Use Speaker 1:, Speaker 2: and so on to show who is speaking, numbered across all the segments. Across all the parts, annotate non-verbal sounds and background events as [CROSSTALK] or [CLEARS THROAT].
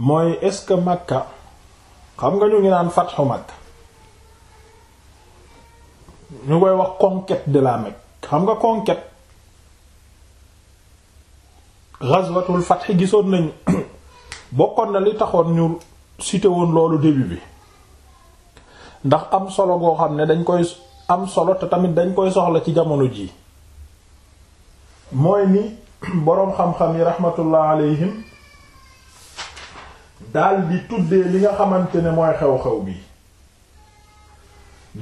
Speaker 1: mooy est-ce que Makka xam nga ñu ngi naan fatxu Makka ñu koy wax conquête de la Mecque xam nga conquête ghazwatul fatx gisoon nañ [COUGHS] bokkoon na li taxoon ñu cité woon loolu début bi ndax am solo goo xam ne dañ koy am solo te tamit dañ koy soxla ci jamono jii mooy ni [COUGHS] boroom xam-xam yi rahmatullah alayhim daal di tuddee li nga xamante ne mooy xew-xew bi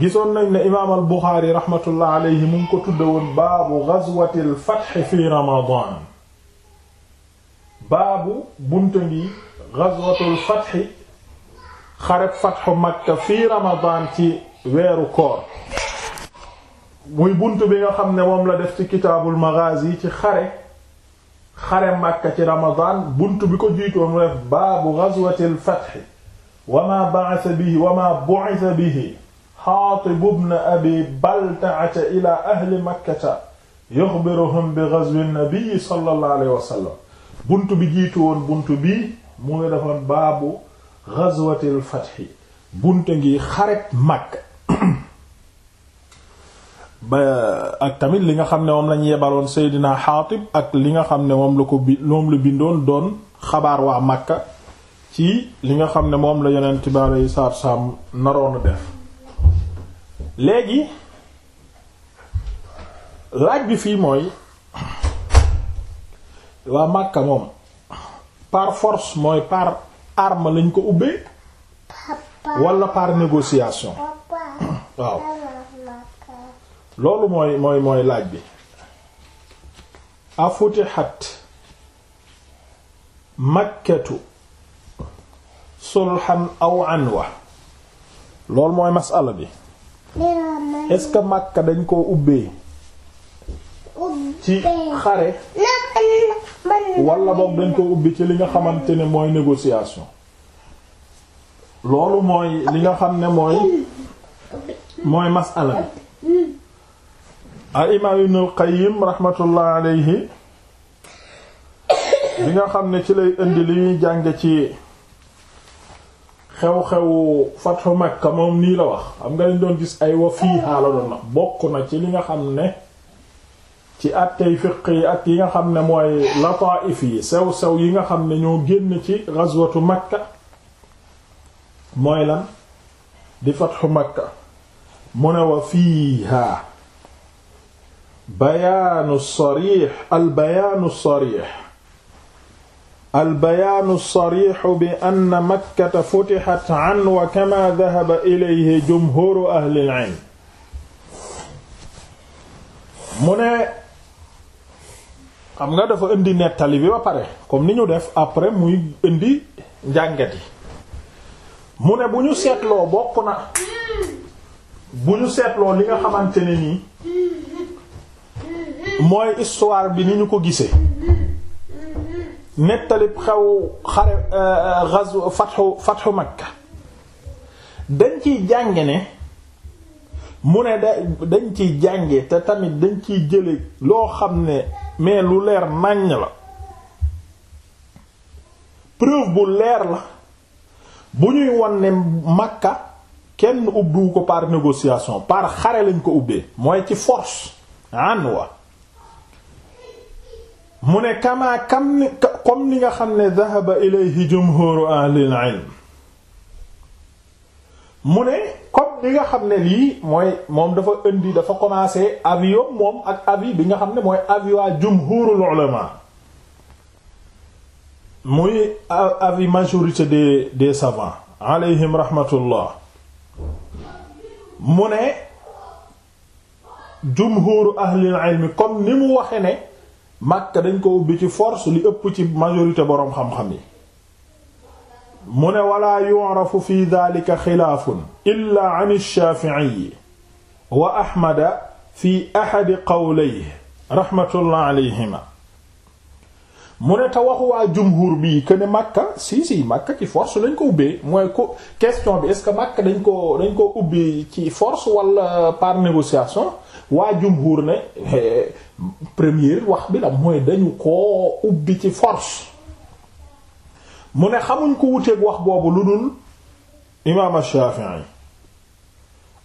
Speaker 1: gisoon nañ ne imaam al Buxaari rahmatullah alayhi mu ngi ko tudde woon baabu gazwatil fatxi fi ramadan baabu bunta ngi gazwatul fatxi xareb fatxu Makka fi ramadan ci weeru koor muy bunt bi nga xam ne moom la def ci kitaabul maghazi ci xare xare Makka ci Ramadan bunt bi ko jiitu mu def baabu ghazwatil fath wa ma ba'atha bihi wa ma bu'itha bihi Haatib ibn Abi Balta'a ila ahli Makkata yukhbiruhum bi ghazwi an-nabi sallallahu alayhi wa sallam bunt bi jiitu woon bunt bi mu ngi defoon baabu ghazwatil fath bunt ngi xare Makka ba ak tamit li nga xam ne moom lañu yebaloon Seydina Xaatib ak li nga xam ne moom la ko bi moom la bindoon doon xabaar waa Makka ci li nga xam ne moom la yeneen bi aleyhi salaatu salaam naroonu def léegi laaj bi fii mooy waa Makka moom par force mooy par arme lañ ko ubbee wala par négociation waaw loolu mooy mooy mooy laaj bi afutihat makkatu sulhan aw anwa loolu mooy masala bi est-ce que makka dañ koo ubbee ci xare wala boog dañ ko ubbi ci li nga xamante ne mooy négociation loolu mooy li nga xam ne mooy mooy masala bi al imaam ibn al qayyim raxmatullah alayhi nga xam ne ci lay indi li ñuy jànge ci xew-xewu fathu Makka moom nii la wax xam nga dañ doon gis ay wa fii xaala doon na bokk na ci li nga xam ne ci attey fiq yi ak yi nga xam ne mooy lataif yi sew-sew yi nga xam ne ñoo génn ci ghazwatu Makka mooy lan di fathu Makka mu ne wa fiiha bayaanu sarix albayaanu sarix albayaanu sarixu bi ann makkata futixat an wa kama dahaba ilayhi jumhuru ahlil ilm mu ne xam nga dafa indi nettali bi ba pare comme ni ñu def après muy indi njàngat yi mu ne bu ñu seetloo bokk na bu ñu seetloo li nga xamante ne nii mooy histoire bi ni ñu ko gisee nettalib xew xare euh, ghazw Makka dañ ciy jànge ne mu ne da dañ ciy jànge te tamit dañ ciy jële loo xam ne mais lu leer nàññ la preuve bu leer la bu ñuy won ne Makka kenn ubbiwu ko par négociation par xare lañ ko ubbee mooy ci force anwa mu ne kamaa kam ni comme ni nga xam ne dhahaba ilayhi jumhuru ahlil ilm mu ne comme li nga xam ne lii mooy moom dafa indi dafa commencé avis yom moom ak avis bi nga xam ne mooy avis waa jumhurul ulama muy avis majorité des des savants alayhim rahmatullah mu ne jumhuru ahlil ilm comme ni mu waxe ne Makka dañ ko ubbi ci force li ëpp ci majorité boroom xam-xam yi mu ne wala yu'rafu fi dhalika xilaafun illa an ash-Shafi'i wa Ahmada fi ahadi qawlayhi rahmatullah alayhima mu ne te waxu waa jumhur bii que ne Makka si si Makka ci force lañ ko ubbee mooy ko question bi est-ce que Makka dañ ko dañ ko ubbi ci force wala par négociation waa jumhur ne eh, première wax bi la mooy dañu koo ubbi ci force mu ne xamuñ ko wuteeg wax boobu lu dul imaam Shafi'i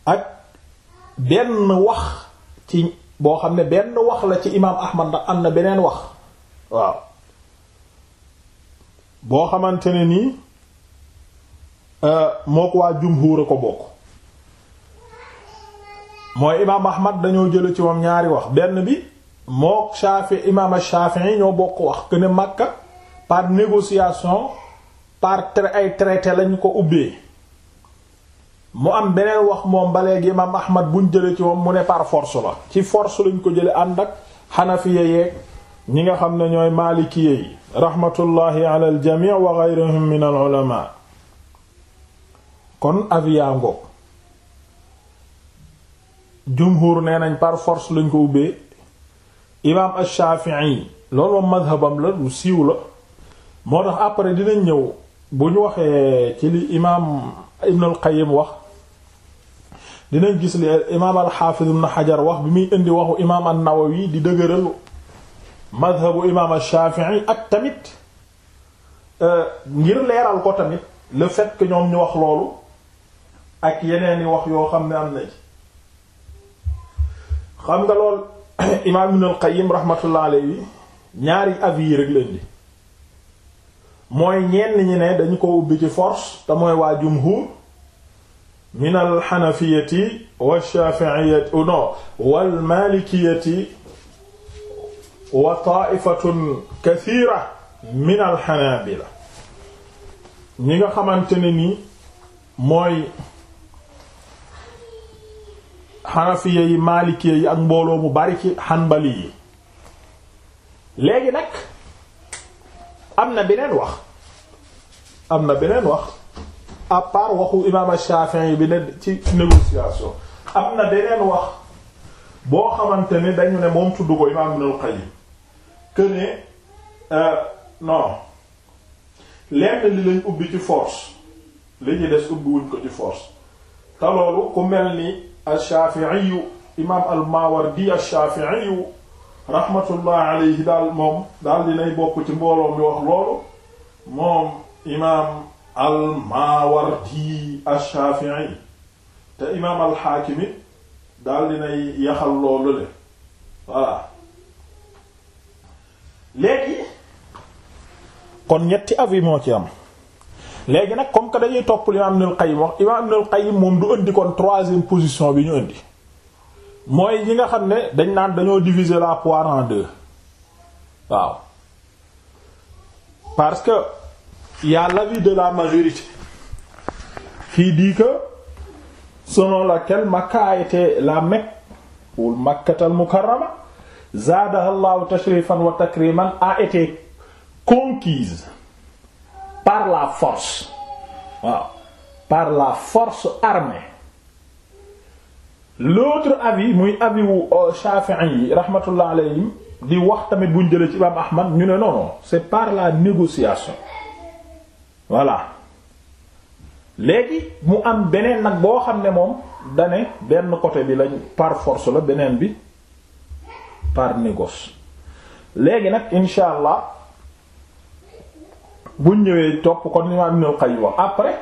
Speaker 1: ak benn wax ci boo xam ne benn wax la ci imaam Ahmad ndax am na beneen wax waaw boo xamante ne nii eh, moo ko waa jumhur a ko bokk mooy imaam ahmad dañoo jële ci moom ñaari wax benn bi mook Shafi imaam yi ñoo bokk wax que ne par négociation par traité lañu ko ubbee mu am beneen wax moom ba léegi imaam ahmad buñ jële ci moom mu ne par force la ci force lañ ko jële ànd ak xanafiya yeeg ñi nga xam ne ñooy maalikiya yi rahmatullahi ala al jami' wa ghayrihim min al ulama kon aviango jumhur nee nañ par force lañ ko ubbee imaam ash-Shafi'i loolu moom madhabam la lu siiw la moo tax après dinañ ñëw bu ñu waxee ci li imaam Ibn al-Qayyim wax dinañ gis li imaam al-Hafiz Ibn Hajar wax bi muy indi waxu imaam an-Nawawi di dëgëral madhabu imaam ash-Shafi'i ak tamit euh, ngir leeral ko tamit le fait ñoom ñu wax loolu ak yeneen i wax yoo xam ne am na ci xam nga lool [CLEARS THROAT] imaam Ibn al-Qayyim rahmatullah alayhi ñaari avis yi rek leen di mooy ñenn ñi dañu ko ubbi force te waa jumhur min alxanafiyati wa shaafiiyati oh wa taaifatun kathira min alxanaabila ñi nga xamante ne ni mooy xanafiya yi maalikiya yi ak mbooloo mu bari ci xanbali yi léegi nag am na beneen wax am na beneen wax à part waxu imaam Shafi'i bi ne ci négociation am na beneen wax boo xamante ni dañu ne moom tudd ko imaam Ibn al xëy que ne euh, non lenn li lañ ubbi ci force li ñu des ubbiwuñ ko ci force te ku mel ni. ash-Shafi'i imaam al-Mawardi ash-Shafi'i rahmatullah alayhi daal moom daal dinay bokk ci mbooloo mi wax loolu moom imaam al-Mawardi ash-Shafi'i te imaam al-Hakim daal dinay yaxal loolu le voilà léegi kon ñetti avis moo ci am léegi nag comme que dañuy topp imaam Ibnul Qayyim wax imaam Ibnul Qayyim moom du indi kon troisième position bi ñu indi mooy ñi nga xam ne dañ naan dañoo diviser la poire en deux waaw parce que yàlla a de la majorité qui dit que selon laquelle Makka a été la Mecque ou Makkatal Mukarrama zaadaha Allahu tashrifan wa takriman a été conquise par la force waaw par la force armée l'autre avis muy avis wu euh, Shafi'i yi rahmatullah alayhim di wax tamit buñ jëlee ci imam Ahmad ñu ne non non par la négociation voilà léegi mu am beneen nag boo xam ne moom dane benn côté bi lañ par force la beneen bi par négoce léegi nag incha allah bu ñëwee topp kon ni ma Ibn al-Qayyim après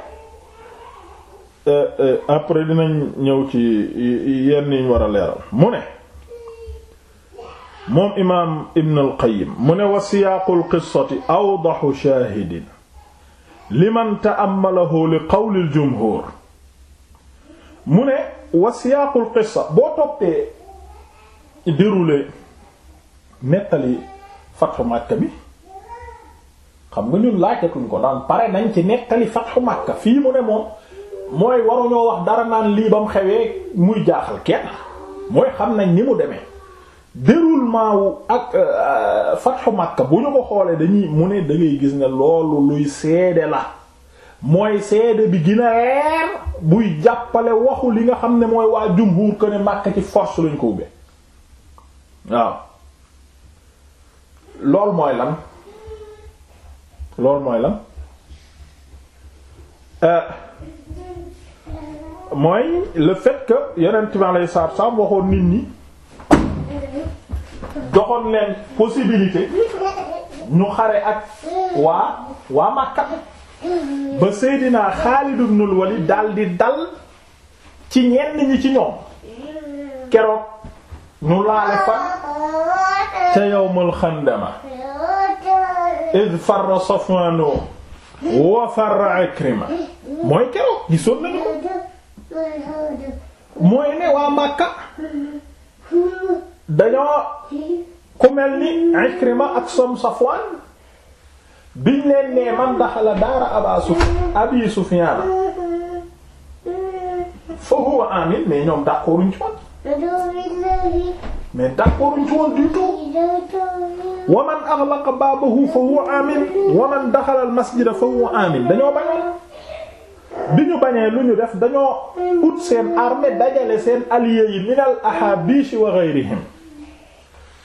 Speaker 1: euh, euh, après dinañ ñëw ci yenn yi war a leeral mu ne moom imaam Ibn al-Qayyim mu ne wa siyaaqul qissati awdahu shaahidin liman ta'ammalahu li qawlil jumhuur mu ne wa siyaaqul qissa boo toppee déroulé nettali fatxu Makka bi xam nga ñun laajatuñ ko daan pare nañ ci nettali fatxu Makka fii mu ne moom mooy waruñoo wax dara naan lii ba mu xewee muy jaaxal kenn mooy xam nañ ni mu demee déroulement wu ak euh, fatxu Makka bu ñu ko xoolee dañuy mu ne da gis ne loolu luy seede la mooy seede bi gina reer buy jàppale waxu li nga xam ne mooy waa jumhuur ko ne Makka ci force lañ ko ubbee waaw loolu mooy lan. loolu mooy lan euh, mooy le fait que yonent bi alayhi salaatu salaam waxoon nit ñi joxoon leen possibilité ñu xare ak waa waa Makka ba Seydina Xaalid ibnul Walid dal di dal ci ñenn ñi ci ñoom keroog ñu laale fa ca yawmul xandama id farra Safwaan wa farra Ikrima mooy keroog gisoon nañu ko mooy ne waa Makka dañoo ku mel ni Ikrima ak som Safwaan biñ leen nee man daxala daara Aba Suf Abi Sufyaan fa huwa aamin mais ñoom d'accorduñ ci mais d'accord ñu ci woon du tout wa fa huwa amin wa man masjida fa huwa amin dañoo bañoon bi ñu bañee lu ñu def dañoo ut seen armée dajale seen alliés yi min al ahabish wa ghayrihim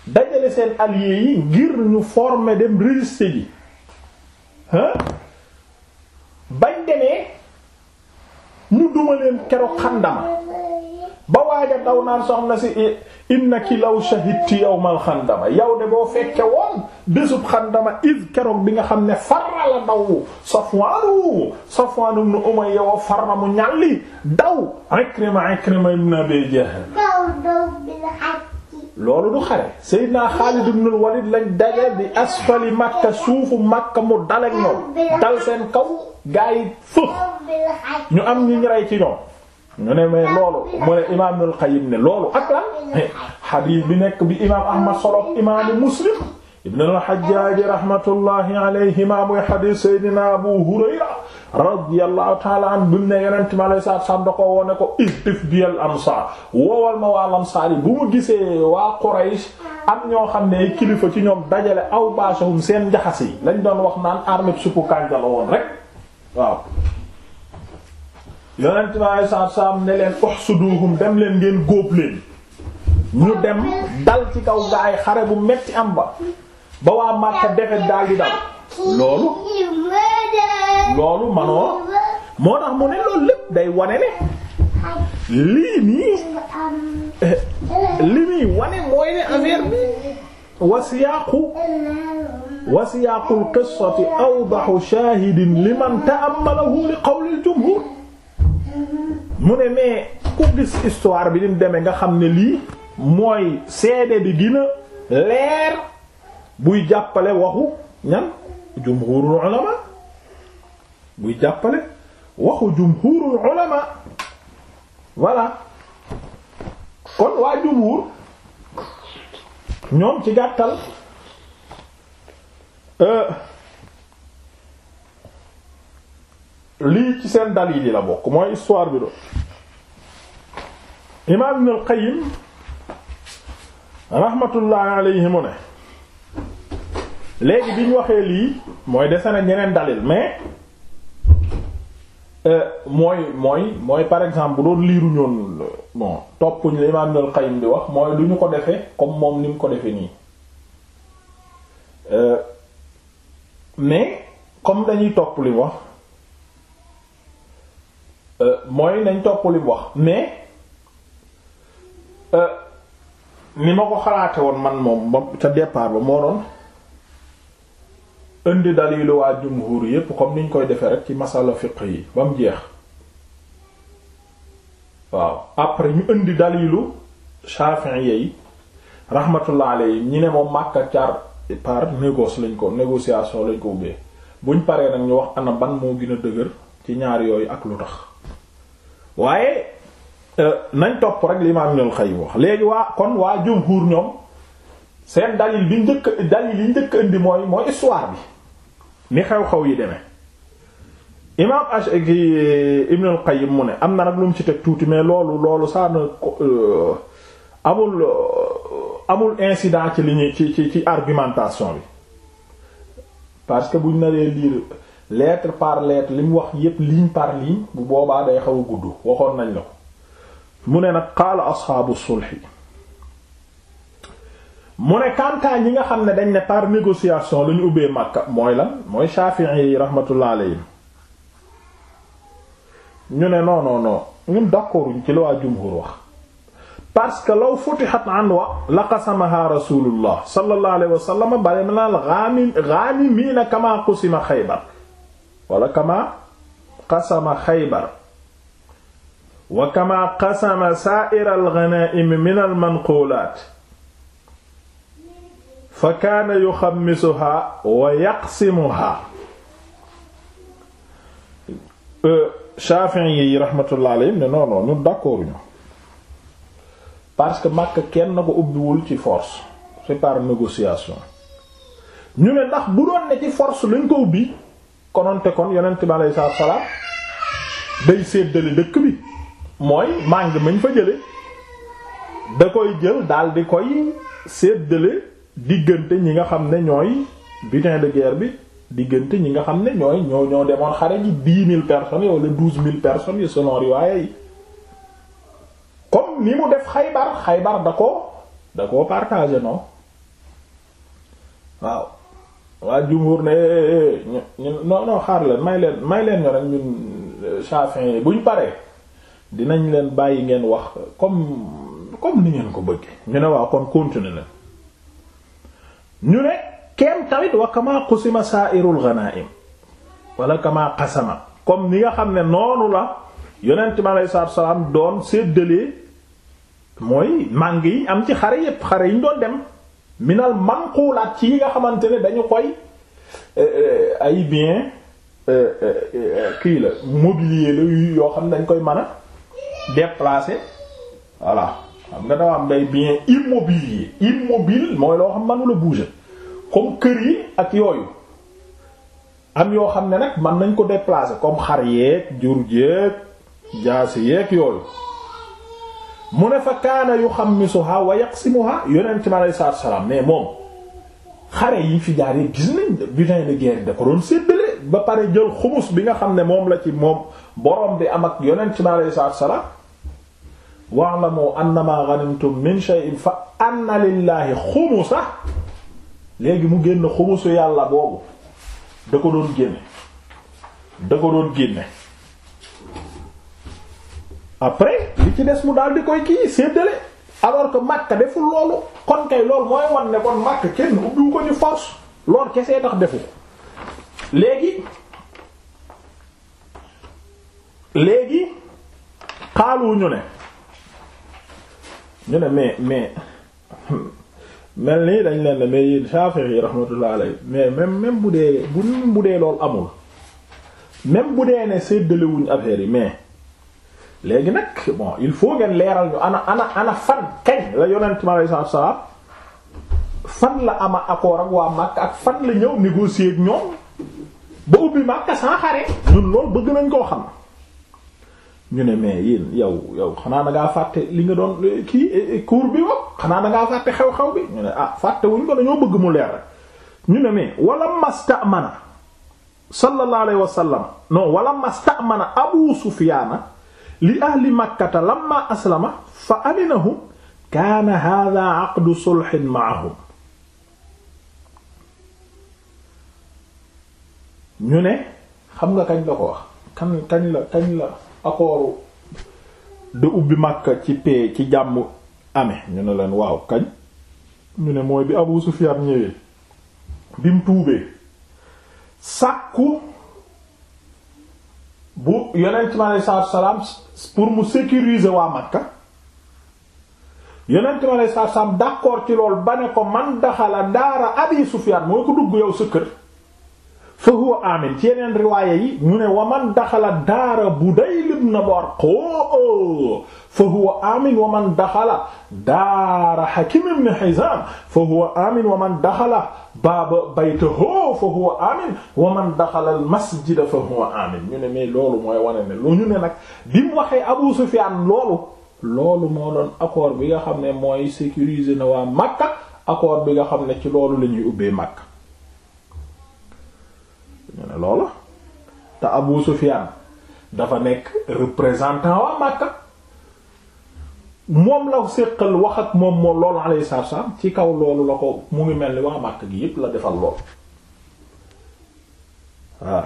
Speaker 1: dajale seen alliés yi ngir ñu forme dem résister ji hein bañ demee ñu duma leen keroog xandama ba waaja daw naan soxna si innaki law shahidti yawmal xandama yow de boo fekke woon bésub xandama id keroog bi nga xam ne farra la daw Safwaanu Safwaanu ibn Umayya wa farra mu ñàlli daw Ikrima Ikrima ibn Abi Jahl loolu du xare Seydina Xaalid ibn Walid lañ seen kaw gaa yi am ñu ñu rey ci ñoom ñu ne mais loolu mu ne imaam Ibnul ne loolu ak lan xadiis bi nekk bi imaam Ahmad solof imaamu Muslim ibnul Hajjaaj rahmatullahi alayhima muy xadiis Seydina Abu Hurayra radiyallahu taala an mu ne yonent mi alayhi salaatu ko woo ne ma waa ansaar yi bu mu gisee waa Quraysh am ñoo xam ne kilifa ci ñoom dajale aw baasahum seen njaxas yi lañ doon wax naan armée suppu kànja woon rek yonent bi alei salaatu salaam ne leen uhsuduhum dem leen ngeen góob leen ñu dem dal ci kaw gaay xare bu metti am ba ba waa Makka defet daal di dal loolu loolu manoo moo tax mu ne loolu lépp day wane ne lii nii li muy wane mooy ne affaire bi wasiyaaqu wasiyaaqul qissati awdahu shaahidin liman ta'ammalahu li qawlil jumhur mu ne mais ku gis histoire bi ni mu demee nga xam ne lii mooy seede bi gën a leer buy jàppale waxu ñan jumhurul ulama buy jàppale waxu jumhurul ulama voilà kon waa jumhur ñoom ci gàttal euh, lii ci seen dalil yi la bokk mooy histoire bi do imaam Ibn al-Qayyim rahmatullahi alayhi mu ne léegi bi ñu waxee lii mooy dese na ñeneen dalil mais euh, mooy mooy mooy par exemple bu doon liiru ñoon bon toppuñ li imaam Ibn di wax mooy du ñu ko defee comme moom ni mu ko defee nii euh, mais comme dañuy topp li wax Euh, mooy nañ topp li mu wax mais euh, ni ma ko xalaate woon man moom ba ca départ ba moo doon indi dalilu waa jumhur yépp comme niñ koy defee rek ci masala fiqh yi ba mu jeex waaw après ñu indi dalilu chafin yi rahmatullah alayhi ñi ne moom Makka car par négoce lañ ko négociation lañ ko ubbee buñ paree nag ñu wax ana ban moo gën dëgër ci ñaar yooyu ak lu tax waaye euh, nañ topp rek li imaam Ibnul Qayyim wax léegi waa kon waa jumhuur ñoom seen dalil bi njëkk dalil yi njëkk indi mooy mooy histoire bi ni xew-xew yi demee imaam Ash Ibnul Qayyim mu ne am na nag lu mu ci teg tuuti mais loolu loolu saa na euh, amul euh, amul incident ci li ñuy ci ci ci argumentation bi parce que buñ naree lire. lettre par lettre li wax yépp ligne par ligne bu boobaa day xaw a gudd waxoon nañ la ko mu ne nag qaala asxaabu sulhi mu ne kantaa ñi nga xam ne dañ ne par négociation lañu ubbee Makka mooy lan mooy Shafi'i yi ñu ne non non non ñun d'accorduñ ci la waa jumhur wax parce que law futihat anwa laqasamaha rasulullah sallallahu alayhi wa sallam bari na al ghanim ghanimina kama qusima Khaybar wala kama qasama xaybar wa kama qasama saa'ira al min al-manquulaat fa kaana yuxammisuhaa wa yaqsimuhaa euh, Shafi'i yi rahmatullah alayhim ne non non ñu parce que Makka kenn ko ubbiwul ci force c'est par négociation ñu ne ndax bu doon ne ci force lañ ko ubbi kononte kon yonent bi alayhi salaatu salaam day séddale dëkk bi mooy màng mañ fa jële da koy jël daal di koy séddale diggante ñi nga xam ne ñooy butin de bi diggante ñi nga xam ne ñooy ñoo ñoo demoon xare ji dix mille personnes yi wala mille personnes yi selon riwaaya yi comme ni mu def Xaybar Xaybar da ko da ko partagé non waaw waa jumhur ne ñun non non xaar leen may leen may leen ñoo rek ñun Shafi'i euh, yi buñ paree dinañ leen bàyyi ngeen wax comme comme ni ngeen ko bëgge ñu ne waaw kon continuer leen ñu ne kenn tamit wa kama qusima sa'irul ghanaim wala kama qasama comme ni nga xam ne noonu la yonent mi aleyhi salaatu salaam doon séddalee mooy màng yi am ci xare yépp xare yi ñu doon dem minal manquulaat ci yi nga xamante ne dañu koy eh, eh, ay bien eh, kii la mobilier la yoo xam ne dañ koy mën a déplacer voilà xam nga dafa am day bien immobilier immobile mooy loo xam mënu la bouger comme kër yi ak yooyu am yoo xam ne nag mën nañ ko déplacer comme xar yeeg jur jeeg jaasi yeek yooyu mu ne fa kaana yuxammisuha wa yaqsimuha yonent mi alayhi salaatu salaam mais moom xare yi fi jaar yi gis nañ butin de guerre da ko doon séddale ba pare jël xumus bi nga xam ne moom la ci moom borom bi am ak yonent mi alayhi salaatu salaam wa'lamu annama ghanimtum min shay'in fa anna lillahi xumusa léegi mu génn xumusu yàlla boobu da ko doon génne da ko doon génne après li ci des mu daal di koy kii séddale ko que Makka deful loolu kon kay loolu mooy wan ne kon Makka kenn ubbiwu ko ñu force loolu kesee tax defu ko léegi léegi xaalu ñu ne ñu ne mais mais mel nii dañ leen ne mais yéen Shafi'i rahmatullah alayhi mais même même bu dee bu bu dee loolu amul même bu dee ne séddalewuñ affaire yi mais léegi nag bon il faut ngeen leeral ñu ana ana ana fan kañ la yonent mi alayhi salaatu salaam fan la ama accord ak waa Makka ak fan la ñëw négocier ak ñoom ba ubbi Makka sans xare ñun loolu bëgg nañ koo xam ñu ne mais yéen yow yow xanaa da ngaa fàtte li nga doon eh, kii eh, eh, cours bi wax xanaa da ngaa fàtte xew-xew bi ñu ne ah fàtte wuñ ko dañoo bëgg mu leer rek ñu ne mais wala mastamana sallallahu alayhi wa sallam non wala mastamana Abu Sufyaan li ahli makkata lamma aslama fa aminahum kaana haadaa aqdu sulhin ñu ne xam nga kañ la ko wax kan kañ la kañ la ubbi makka ci paix ci jàmm amee ñu ne leen waaw kañ ñu ne mooy bi Abu Sufyaan ñëwee bi mu tuubee sàkku bu yonent mi aleyhi salaatu salaam pour mu sécuriser waa Makka yonent mi aleyhi salaatu salaam d'accord ci lool ba ne ko man daxala daara Abi Sufyaan moo ko dugg yow sa kër fa huwa amin ci yeneen riwaaya yi ñu ne wa man daxala daara Budayl ibn Barqo fa huwa amin wa man daxala daara Hakim ibn Hizam fa huwa amin wa man daxala baaba baytahu fa huwa amin wa man daxala al masjida fa huwa amin ñu ne mais loolu mooy wane ne lu ñu ne nag bi mu waxee Abu Sufyaan loolu loolu moo doon accord bi nga xam ne mooy sécuriser na waa Makka accord bi nga xam ne ci loolu la ñuy ubbee Makka ñu loolu te Abu Sufyaan dafa nekk représentant waa Makka moom la séqal wax ak moom moom loolu alayhi salaam ci kaw loolu la ko mu ngi mel ni waa Makka gi yépp la defal lool waaw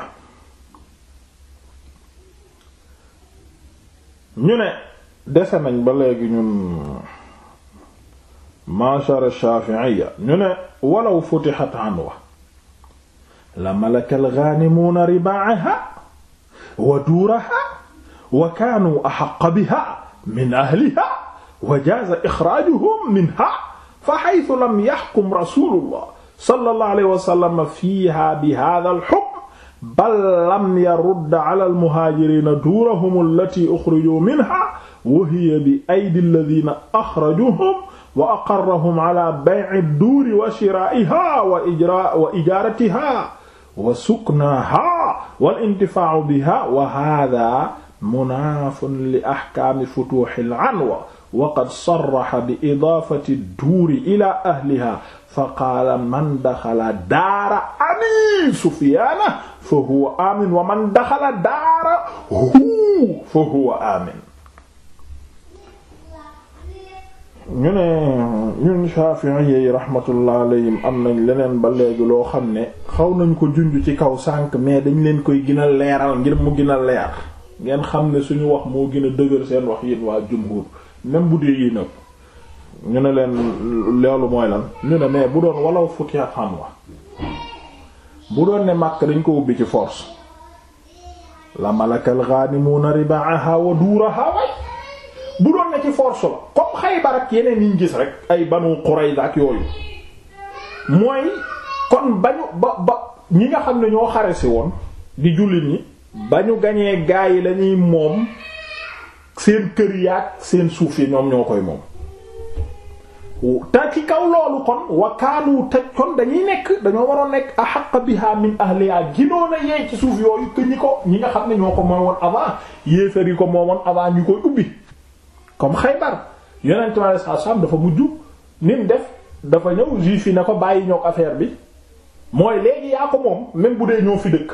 Speaker 1: ñu ne dese nañ ba léegi ñun mashar shafi'iyya ñu ne walaw futihat anwa la malaka al-ghanimuuna ribaaha wa duuraha wa kaanu ahaqqa biha min ahliha wa jaaza ixraajuhum minha fa haythu lam yahkum rasulullah sallallahu alayhi wa sallam fiiha bi hadha al-hukm bal lam yarudda ala al-muhaajiriina duurahum allati uxrijuu minha wa hiya bi aydi alladhiina axrajuhum wa aqarrahum ala bay'i duuri wa shiraa'ihaa wa ijaaratihaa wa suknaahaa wal intifaa'u bihaa wa haadha munaafun li ahkaami futuuhil anwa waqad sarraxa bi idaafati ila ahliha fa man daxala daara abi wa man daxala daara hu ne ñun Shafi'i yi rahmatullah alayhim am nañ leneen ba léegi loo xam ne xaw nañ ko junj ci kaw sànq mais dañ leen koy gën a leeral ngir mu gën a leer ngeen xam ne suñu wax moo gën a dëgër seen wax yéen waa jumhur même bu dee yii nëpp ñu ne leen loolu mooy lan ñu ne mais bu doon walaw fukki xam wa bu doon ne màkk dañ ko ubbi ci force la malakal ghanimuna ribaaha wa duuraha bu doon ne ci force la comme Xaybar ak yeneen yiñ gis rek ay Banu Qurayza mooy kon bañu nga xam ne ñoo woon di jullit ñi ba ñu gaa yi lañuy moom seen kër yaag seen suuf yi ñoom ñoo koy moom te ci kaw loolu kon wakaanu taj kon dañuy nekk dañoo waroon nekk a xaq biha min ahliha ginoon a yee ci suuf yooyu que ñi ko ñi nga xam ne ñoo ko moomoon avant yéefar yi ko moomoon avant ñu koy ubbi comme Xaybar yonent mi alayhi salaam dafa mujj nim def dafa ñëw juif yi na ko bàyyi ñoo affaire bi mooy léegi yaa ko moom même bu dee ñoo fi dëkk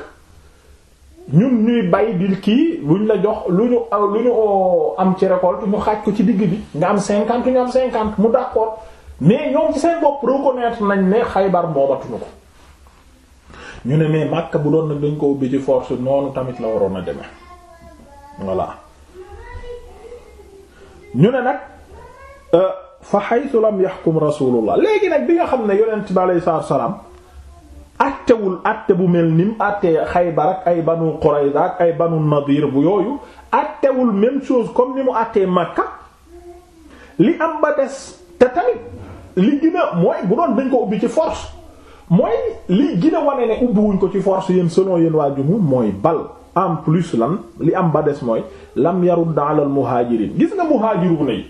Speaker 1: ñun ñuy bay di kii luñ la jox lu ñu lu ñu euh, am ci récolte ñu xaaj ko ci digg bi nga am cinquante ñu am cinquante mu d'accord mais ñoom ci seen bopp reconnaître nañ ne Xaybar moomatuñu ko ñu ne mais Makka bu doon nag dañ ko ubbi ci force noonu tamit la waroon a demee voilà ñu ne nag euh, fa haythu lam yahkum rasulullah léegi nag bi nga xam ne yonent bi alayhi salaam atewul atte bu mel nim attee Xaybar ak ay banu Qurayza ak ay banu Nadir bu yooyu attewul même chose comme ni mu attee Makka li am ba des te tamit li gën mooy bu doon dañ ko ubbi ci force mooy li gën a wane ne ubbiwuñ ko ci force yéen selon yéen waa mooy bal en plus lan li am ba des mooy lam yaru ala al muhajirin gis nga muhajiruna yi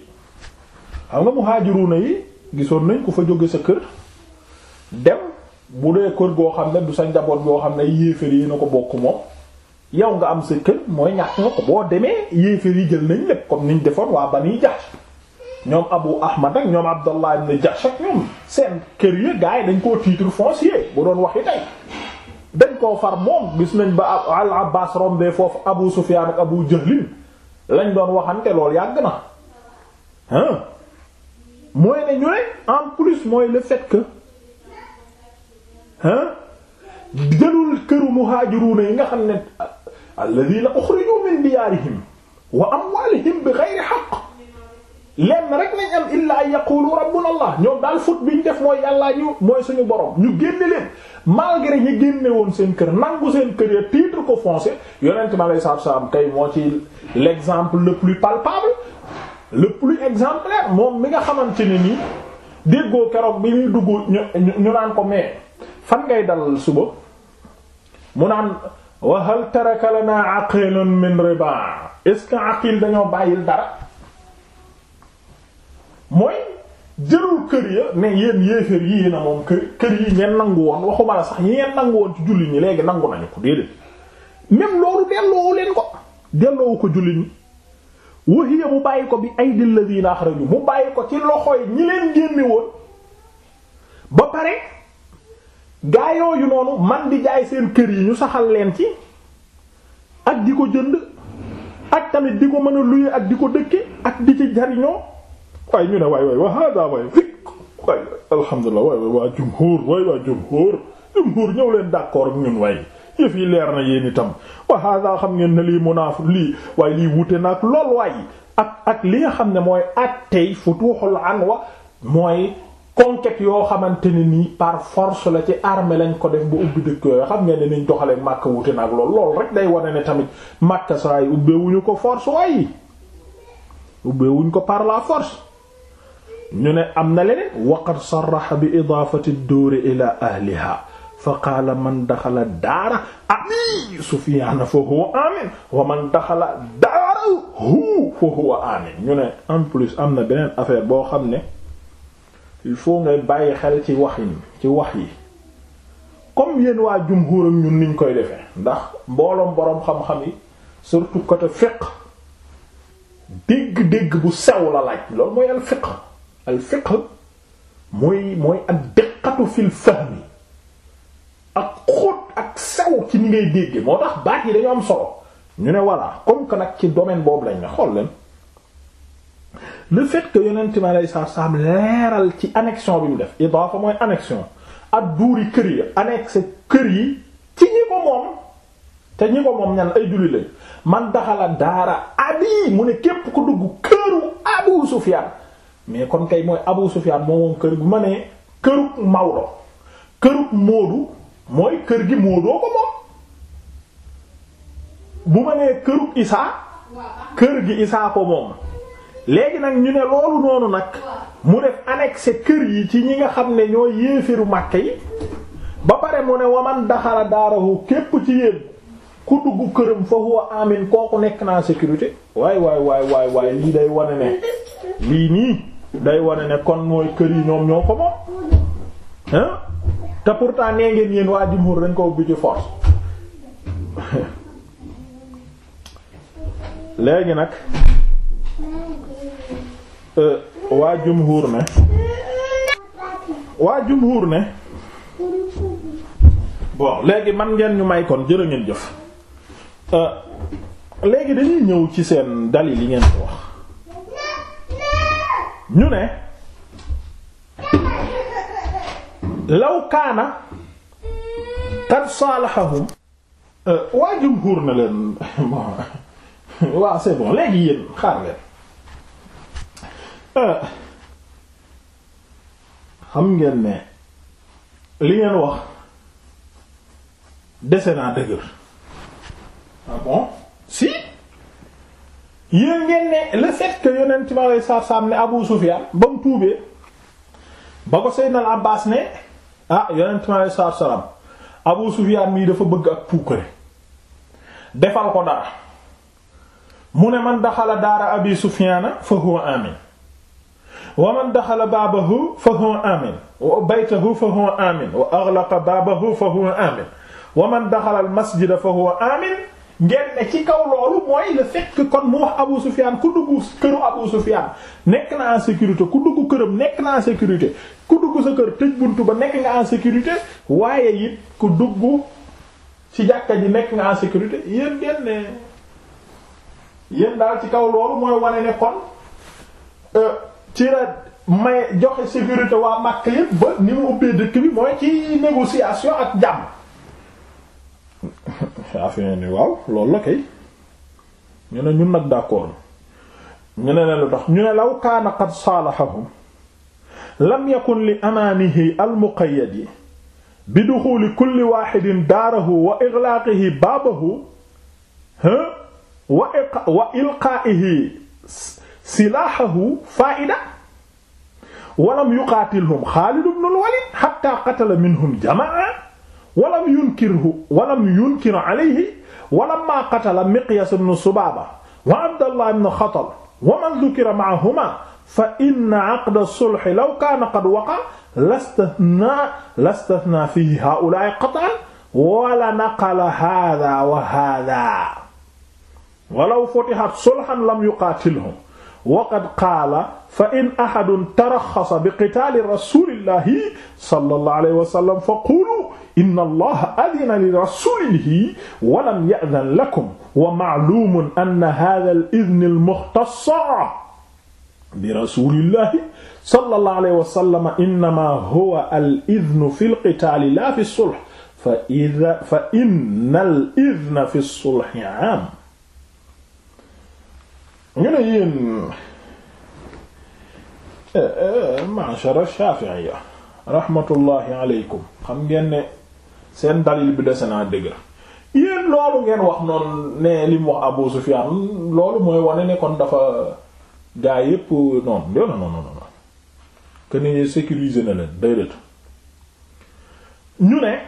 Speaker 1: xam nga muhajiruna yi gisoon nañ ku fa jóge sa kër dem bu dee kër goo xam ne du sa njaboot goo xam ne yéefar yi na ko bokk moom yow nga am sa kër mooy ñàkk nga ko boo demee yéefar yi jël nañ lépp comme niñ defoon waa ba Bani Jahsh ñoom Abu Ahmad ak ñoom Abdallah ibn Jahsh ak ñoom seen kër yi gars yi dañ koo titre foncier bu doon waxi tey dañ koo far moom gis nañ ba Al Abbas rombee foofu Abu Sufyan ak Abu Jahl lañ doon waxante loolu yàgg na ah mooy ne ñu en plus mooy le fait jëlul këru muhaajiruuna yi nga xam ne alladhiina uxrijuu min diyaarihim wa amwaalihim bi ghayri haqq lenn rek lañ am illaa an yaqulu rabbuna allah ñoom daal fut bi ñu def mooy yàllaa ñu mooy suñu borom ñu génne leen malgré ñu génne woon seen kër nangu seen kër ya titre ko fonce yonent bi alayhi salaatu salaam tey moo ci l'exemple le plus palpable le plus exemplaire moom mi nga xamante ne nii déggoo keroog bi ñuy dugg ñu ñu naan ko mais fan ngay dal suba mu naan wa hal taraka lana aqilun min riba aqil dañoo bàyyil dara mooy jëlul kër ya ne yéen yéeféer yi yéen moom kër yi ñeen nangu woon waxuma la sax ñeen nangu woon ci julli ñi léegi nangu nañu ko déedéet même loolu delloowu leen ko delloowu ko julli ñi wahiya mu bàyyi ko bi aydil ladina axraju mu bàyyi ko ci loxoy ñi leen génne woon ba pare gaa yooyu noonu man di jaay seen kër yi ñu saxal leen ci ak di ko jënd ak tamit di ko mën a luye ak di ko dëkke ak di ci jariñoo waaye ñu ne waay waay wa hada waay fik waay alhamdulilah ñëw leen d'accord ak ñun waay yëf yi leer na yéen itam wa hada xam ngeen ne lii munaaf lii waaye lii wute na ak lool waay ak ak li nga xam ne mooy attey futuhul anwa mooy conquête yoo xamante ni nii par force la ci armée lañ ko def ba ubbi dëkk yooyu xam ngeen ne niñ doxalee Makka wuti na ak loolu lool rek day wane ne tamit Makka saa yi ubbeewuñu ko force waaye ubbeewuñ ko par la force ñu ne am na leneen waqad sarraha bi idaafati ad-duuri ila ahliha fa qaala man daxala daara abi Sufyaan fa huwa amin wa man daxala daara hu fa huwa amin ñu ne en plus am na beneen affaire boo xam ne il faut ngay bàyyi xel ci wax yi ci wax yi comme yéen waa jumhuur ak ñun niñ koy defe ndax mbooloom boroom xam-xam yi surtout côté fiqh dégg-dégg bu sew la laaj loolu mooy al fiqh al fiqh mooy mooy ak diqqatu fil fahmi ak xóot ak sew ci ni ngay dégge moo tax baat yi dañu am solo ñu ne voilà comme que nag ci domaine boobu lañ ne xool leen le fait que yonent mi alayhi salaatu salaam leeral ci annexion bi mu def idaafa mooy annexion ak duuri kër yi annexe kër yi ci ñi ko moom te ñi ko moom ñan ay julli lañ man daxala daara abi mu ne képp ku dugg këru Abu Sufyaan mais kon kay mooy Abu Sufyaan moo moom kër bu ma nee kërug Mawlo kërug Moodu mooy kër gi Moodoo ko moom bu ma nee kërug Isaa kër gi Isaa ko moom léegi nag ñu ne loolu noonu nag mu def annexé kër yi ci ñi nga xam ne ñoo yéefiru Makka yi ba pare mu ne waman daxala daarahu képp ci yéen ku dugg këram fa huwa amin kooku nekk naa sécurité waaye waay waay waay waay lii day wane ne lii nii day wane ne kon mooy kër yi ñoom ñoo ko moom hein te pourtant nee ngeen yéen waa jumhur dañ ko ubbi ci force [LAUGHS] léegi nag Euh, waa jumhuur ne waa jumhuur ne bon léegi man ngeen ñu may kon jërë ngeen jëf euh, léegi dañuy ñëw ci seen dalil yi ngeen ko wax ñu ne law kaana qad salahahum euh, waa jumhuur ne leen [LAUGHS] bon [LAUGHS] waa c'est bon léegi yéen xaar leen xam ngeen ne li ngeen wax dese naa dëgër ah bon si yéen ngeen ne le fait que yonent mi aleyhi salaam ne Abu Sufyaan ba mu tuubee ba ko Seydina al Abbaas ne ah yonent mi aleyhi salaam Abu Sufyaan mii dafa bëgg ak puukare defal ko dara mu ne man daxala daara Abi Sufyaana fa huwa aamin wa man daxala baabahu fa huwa amin wa baytahu fa huwa amin wa aghlaqa baabahu fa huwa amin wa man daxala al masjida fa huwa amin ngeen ne ci kaw loolu mooy le fait kon mu wax Abu Sufyan ku dugg këru Abu Sufyan nekk na en sécurité ku dugg këram nekk na en sécurité ku dugg sa kër tëj buntu ba nekk nga en sécurité waaye it ku dugg ci jàkka ji nekk nga en sécurité yéen ngeen ne daal ci kaw loolu mooy wane ne euh, ci la may joxe sécurité waa Makka yépp ba ni mu ubbee dëkk bi mooy ci négociation ak jàmm affaire ni waaw loolu la kay ñu ne ñun nag d'accord ñu ne leen lu tax ñu ne law kaana qad saalahahum lam yakun li amaanihi almuqayyadi bi duxuli kulli waaxidin daarahu wa iglaaqihi baabahu wa ilqaa'ihi silaahahu faa'ida walam yuqaatilhum Xaalid ibn al-Waliid hattaa qatala minhum jamaa'a walam yunkirhu walam yunkir alayhi walammaa qatala Miqyas ibn Subaaba wa Abdallah ibn Xatal wa man dhukira ma'ahumaa fa inna 'aqda sulhi law kaana qad waqa'a lastahnaa lastahnaa fiihi haa'ulaa'i qat'an wala naqala haadaa wa haadaa walaw futihat sulhan lam yuqaatilhum waqad qaala fa in ahadun taraxasa bi qitaali rasulillahi sallallahu alayhi wa sallam fa qulu inna allaha adina li rasulihi wa lam ya'dan lakum wa ma'lumun anna hadha al-idhn al-mukhtassa bi rasulillahi sallallahu alayhi wa sallam innama huwa al-idhn fi al-qitaali la fi as-sulh fa idha fa inna al-idhna fi as-sulhi 'aam ñu ne yéen eh, eh, ma'shara shafi'iyya rahmatullahi aleykum xam ngeen ne seen dalil bi dese naa dëgg yéen loolu ngeen wax noonu ne li mu wax Abu Sufyan loolu mooy wane ne kon dafa gaa yépp noonu non non non non que ne na leen day ñu ne.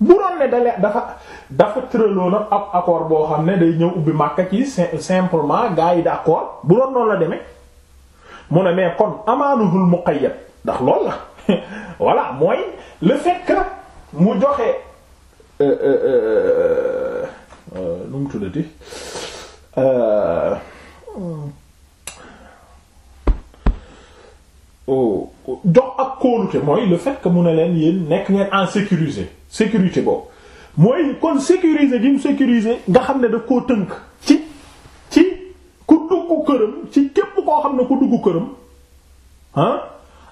Speaker 1: bu doon ne dalee dafa dafa tëraloon ab accord boo xam ne day ñëw ubbi Makka ci simplement gars yi d'accord bu doon noonu la demee mu ne mais kon amaanuhul muqayyad ndax loolu la [LAUGHS] voilà mooy le fait mu joxe euh, euh, euh, nu mu tuddati oh. jox ak kóolute mooy le fekk que mu ne leen yéen nekk ngeen en sécurité sécurité boobu mooy kon sécurisé gi sécuriser nga xam ne daf koo tënk ci ci ku dugg këram ci képp koo xam ne ku dugg këram ah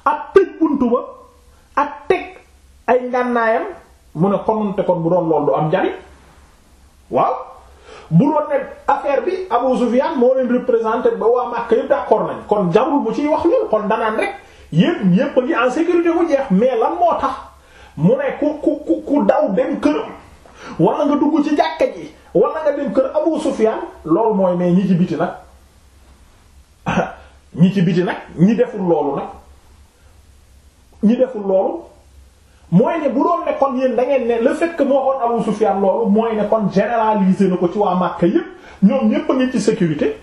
Speaker 1: ak tëj buntu ba ak teg ay ngànnaayam mu ne kononte kon bu doon lool du am njariñ waaw bu doon ne affaire bi Abu Sufyan moo leen représenté ba waa Makka yëpp kor nañ kon jarul bu ciy wax loolu kon danaan rek yëpp ñépp a ngi en sécurité bu jeex mais lan moo tax mu ne ku ku ku daw dem kër wala nga dugg ci jàkka ji wala nga dem kër Abu Sufyan loolu mooy mais ñi ci biti nag [LAUGHS] ñi ci biti nag ñi deful loolu nag ñi deful loolu mooy ne bu doon ne kon yéen da ngeen ne le fekk que moo xoon Abu Sufyan loolu mooy ne kon généraliser na ko ci waa Makka yépp ñoom ñépp a ngi ci sécurité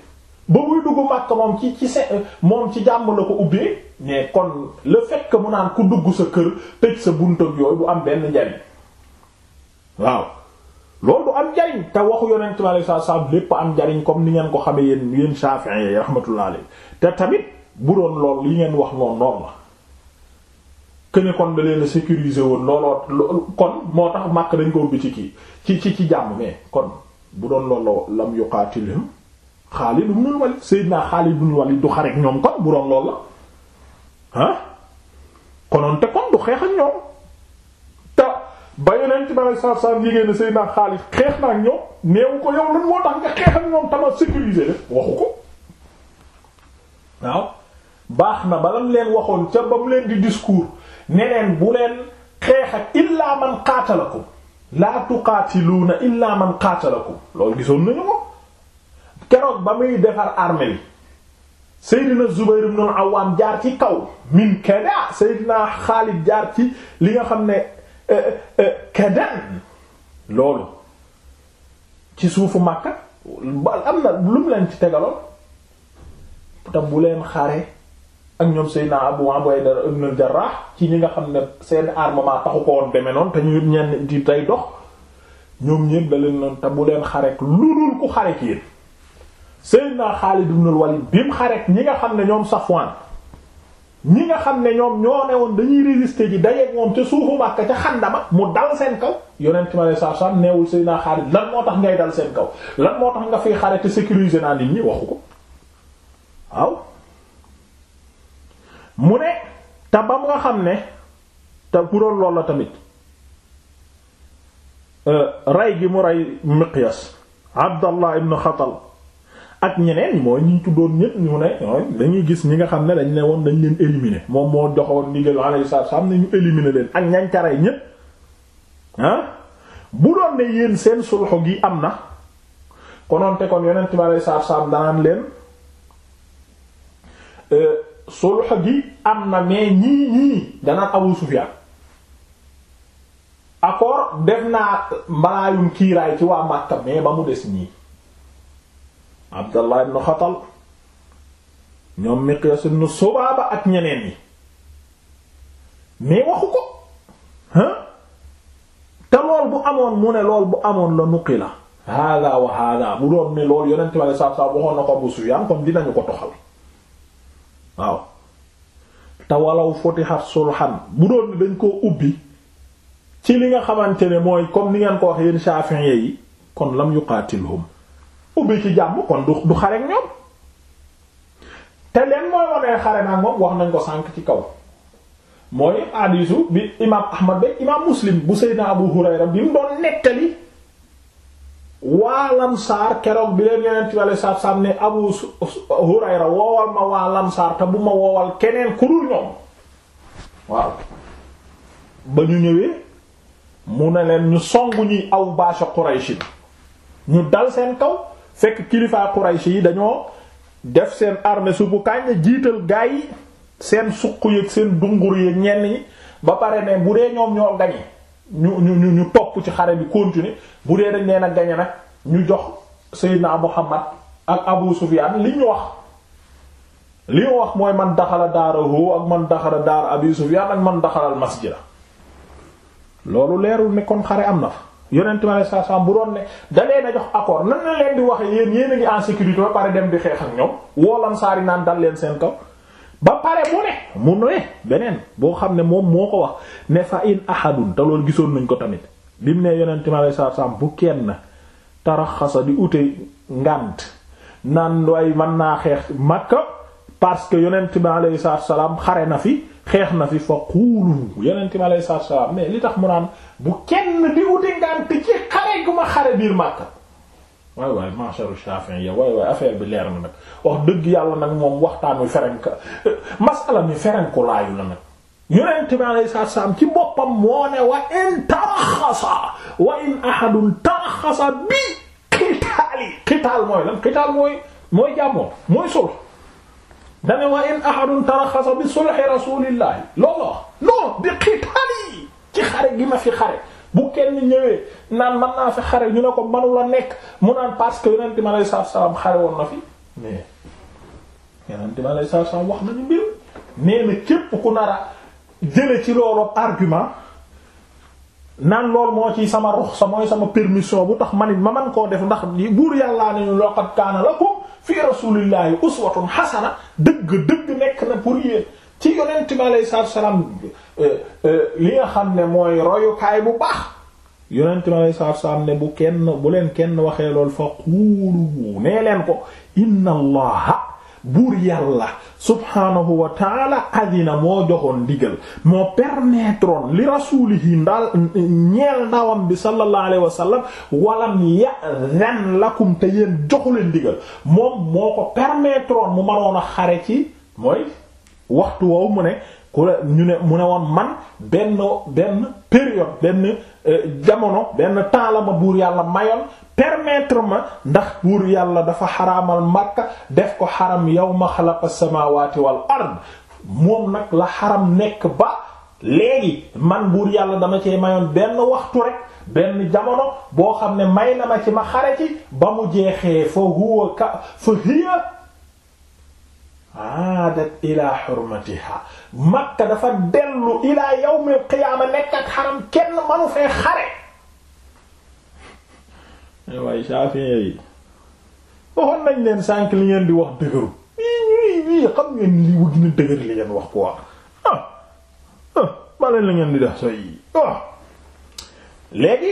Speaker 1: ba muy dugg Makka moom ci ci se moom ci jàmm la ko ubbee mais kon le fait que mu naan ku dugg sa kër tëj sa bunt ak yooyu du am benn njariñ waaw loolu du am njariñ te waxu yonent bi alayhi salaam lépp am njariñ comme ni ngeen ko xame yéen yéen Shafi'i yi rahmatullah te tamit bu doon lool li ngeen wax noonu noonu la këne kon da leen sécuriser woon looloo kon moo tax màkk dañ ko biti kii ci ci ci jàmm mais kon bu doon loolu lam yuqaatilhum Xaalid ibn Walid Seydina Xaalid ibn Walid du xareek ñoom kon bu doon loolu la ah konoon te kon du xeex ak ñoom te ba yonent bi alei satu salaam yigéen ne Seydina Xaalid xeex na ñoom neewu ko yow lan moo tax nga xeex ak ñoom tama sécuriser def waxu ko waaw baax na balam leen waxoon ca ba leen di discours ne bu leen xeex ak illaa man qaatalakum laa na illaa man qaatalakum loolu gisoon nañu ko keroog ba muy defar armée Seydina Zubayr ibn al jaar ci kaw min kada Seydina Xaalid jaar ci li nga xam ne eh, eh, eh, kadan loolu ci suufu Makka ba am na lu mu leen ci tegaloon te bu leen xare ak ñoom Seydina Abu Ubayda ibn al-Jarrah ci ñi nga xam ne seen armement taxu ko woon demee noonu te ñu ñenn di tey dox ñoom ñépp da leen noonu te bu leen xare lu dul ku xare ci Seydina Xaalid ibn bi mu xareet ñi nga xam ne ñoom Safwaan ñi nga xam ne ñoom ñoo ne woon dañuy résister ji dajeeg moom ca suufu Makka ca xandama mu dal seen kaw yonent mi alayhi salaatu salaam neewul Seydina Xaalid lan moo tax ngay dal seen kaw lan moo tax nga fiy xare te sécuriser naa nit ñi waxu ko waaw mu ne te ba mu nga xam ne te buroon lool la tamit euh, rey gi mu rey Miqyas Abdallah ibn Xatal ak ñeneen mooy ñu tuddoon ñëpp ñu ne dañuy gis ñi nga xam ne dañ ne woon dañ leen éliminer moom moo joxoon ndigal alayhi salaam ne ñu éliminer leen ak ñañcaray ñëpp ah bu doon ne yéen seen sulxu gi am na konoonte kon yonent bi alayhi salaam danaan leen euh, sulxu gi am na mais ñii ñii danaan Abu Sufyaan accord def naa mbaayum kiiraay ci waa Makka mais ba mu des ñii Abdallah ibn Xatal ñoom Miqyas ibn Subaaba ak ñeneen yi mais waxu ko ah te lool bu amoon mu ne lool bu amoon la nuqi la hada wa hada bu doon ne loolu yonent ma ne saab saab waxoon na ko Abu Sufyaan kon dinañu ko toxal waaw te walaw futihat sulhan bu doon ne dañ koo ubbi ci li nga xamante ne mooy comme li ngeen ko wax yéen Shafi'i yi kon lam yuqaatilhum ubbee ci jàmm kon du du ñoom te leen mooy wanee xare naa moom wax nañ ko sànk ci kaw mooy hadiisu bi imaam ahmad ba imaam muslim bu seydina abu hurayra bi mu doon nettali waa lamsaar keroog bi leen yeneen tibaale saab saab ne abu hurayra woowal ma waa lamsaar te bu ma woowal keneen ku dul ñoom waaw ba ñu ñëwee mu ne leen ñu song ñuy aw baasha quraysh ñu dal seen kaw fekk kilifaa Quraysh yi dañoo def seen armée su bu kàññ jiital gaa yi seen suq yeeg seen dungur yeeg ñenn ñi ba pare ne bu dee ñoom ñoo gañe ñu ñu ñu topp ci xare bi continuer bu dee dañ leen a gañe nag ñu jox Seydina Muhammad ak Abu Sufyan li ñu wax li wax mooy man daxala daarahu ak man daxala daar Abi Sufyan ak man daxalal masjida loolu leerul ne kon xare am na fa yonent ma ne saasam bu doon ne da leen jox accord nan la leen di wax yéen yéen a ngi en sécurité ba pare dem di xeex ak ñoom woolam saari naan dal leen seen kaw ba pare mu ne mu ne beneen boo xam ne moom moo ko wax ne fa in ahadun te loolu gisoon nañ ko tamit bimu ne yonent ma ne saasam bu kenn taraxasa di ute ngant naan way man naa xeex Makka parce que yonent bi alayhi salaam xare na fi xeex na fi fa xuulu yenente mi aleyi salaatu salaam mais li tax mu naan bu kenn di wuti ngant ci xare gu ma xare biir Makka waay waay masharu Shafi'i yow waay waay affaire bi leer na nag wax dëgg yàlla nag moom waxtaan wi ferenk masala mi ferenku laayu la nag yonente bi aleyi salaatu salaam ci boppam moo ne wa in taraxasa wa in ahadun taraxasa bi xitaal yi xitaal mooy lan xitaal mooy mooy jàmmoo mooy sul dane wa in ahadun taraxasa bi sulhi rasulillahi loolu non bi xitaali ci xare gi ma fi xare bu kenn ñëwee naan mën naa fi xare ñu ne ko mënu la nekk mu naan parce que yonente mi aleyi salaatu salaam xare woon na fi mais yonente mi aleyi salaam wax nañu mbir nee na képp ku nar a jële ci loolu argument naan lool moo ci sama ruxsa mooy sama permission bu tax ma manit ma man koo def ndax buur yàllaa nañu laqad kaana ko fii rasulillahi uswatun hasana dëgg dëgg nekk na pour yéen ci yonent bi alayhi salaatu salaam euh, euh, li nga xam ne mooy royukaay bu baax yonent bi alayhi salaatu salaam ne bu kenn bu leen kenn waxee lool fa quulu nee leen ko inna allaha buur yàlla subhaanahu wa taala adina moo joxoon ndigal moo permettroon li rasuulihi ndaal ñeel ndawam bi sallallahu alayhi wa sallam walam ya'zan lakum te yéen joxuleen ndigal moom moo ko permettroon mu mënoon a xare ci mooy waxtu woowu mu ne ku ñu ne mu ne woon man benn benn période benn euh, jamono benn temps buur yàlla mayoon permettre ma ndax buur yàlla dafa xaramal makka def ko xaram yow ma xalaqa samawati wal ard moom nag la xaram nekk ba léegi man buur yàlla dama cee mayoon benn waxtu rek benn jamono boo xam ne may na ma ci ma xare ci ba mu jeexee fa huwa ka fa hiya aadat ila hurmatiha makka dafa dellu ila yawmil qiyaama nekk xaram kenn manu fee xare Eh, waay Shafi'i yi waxoon nañ leen sànq li ngeen di wax dëgëru yii ñuy yii xam ngeen li wëgg li wax ko wax ah ah ma leen la ngeen di def sooy yi ah léegi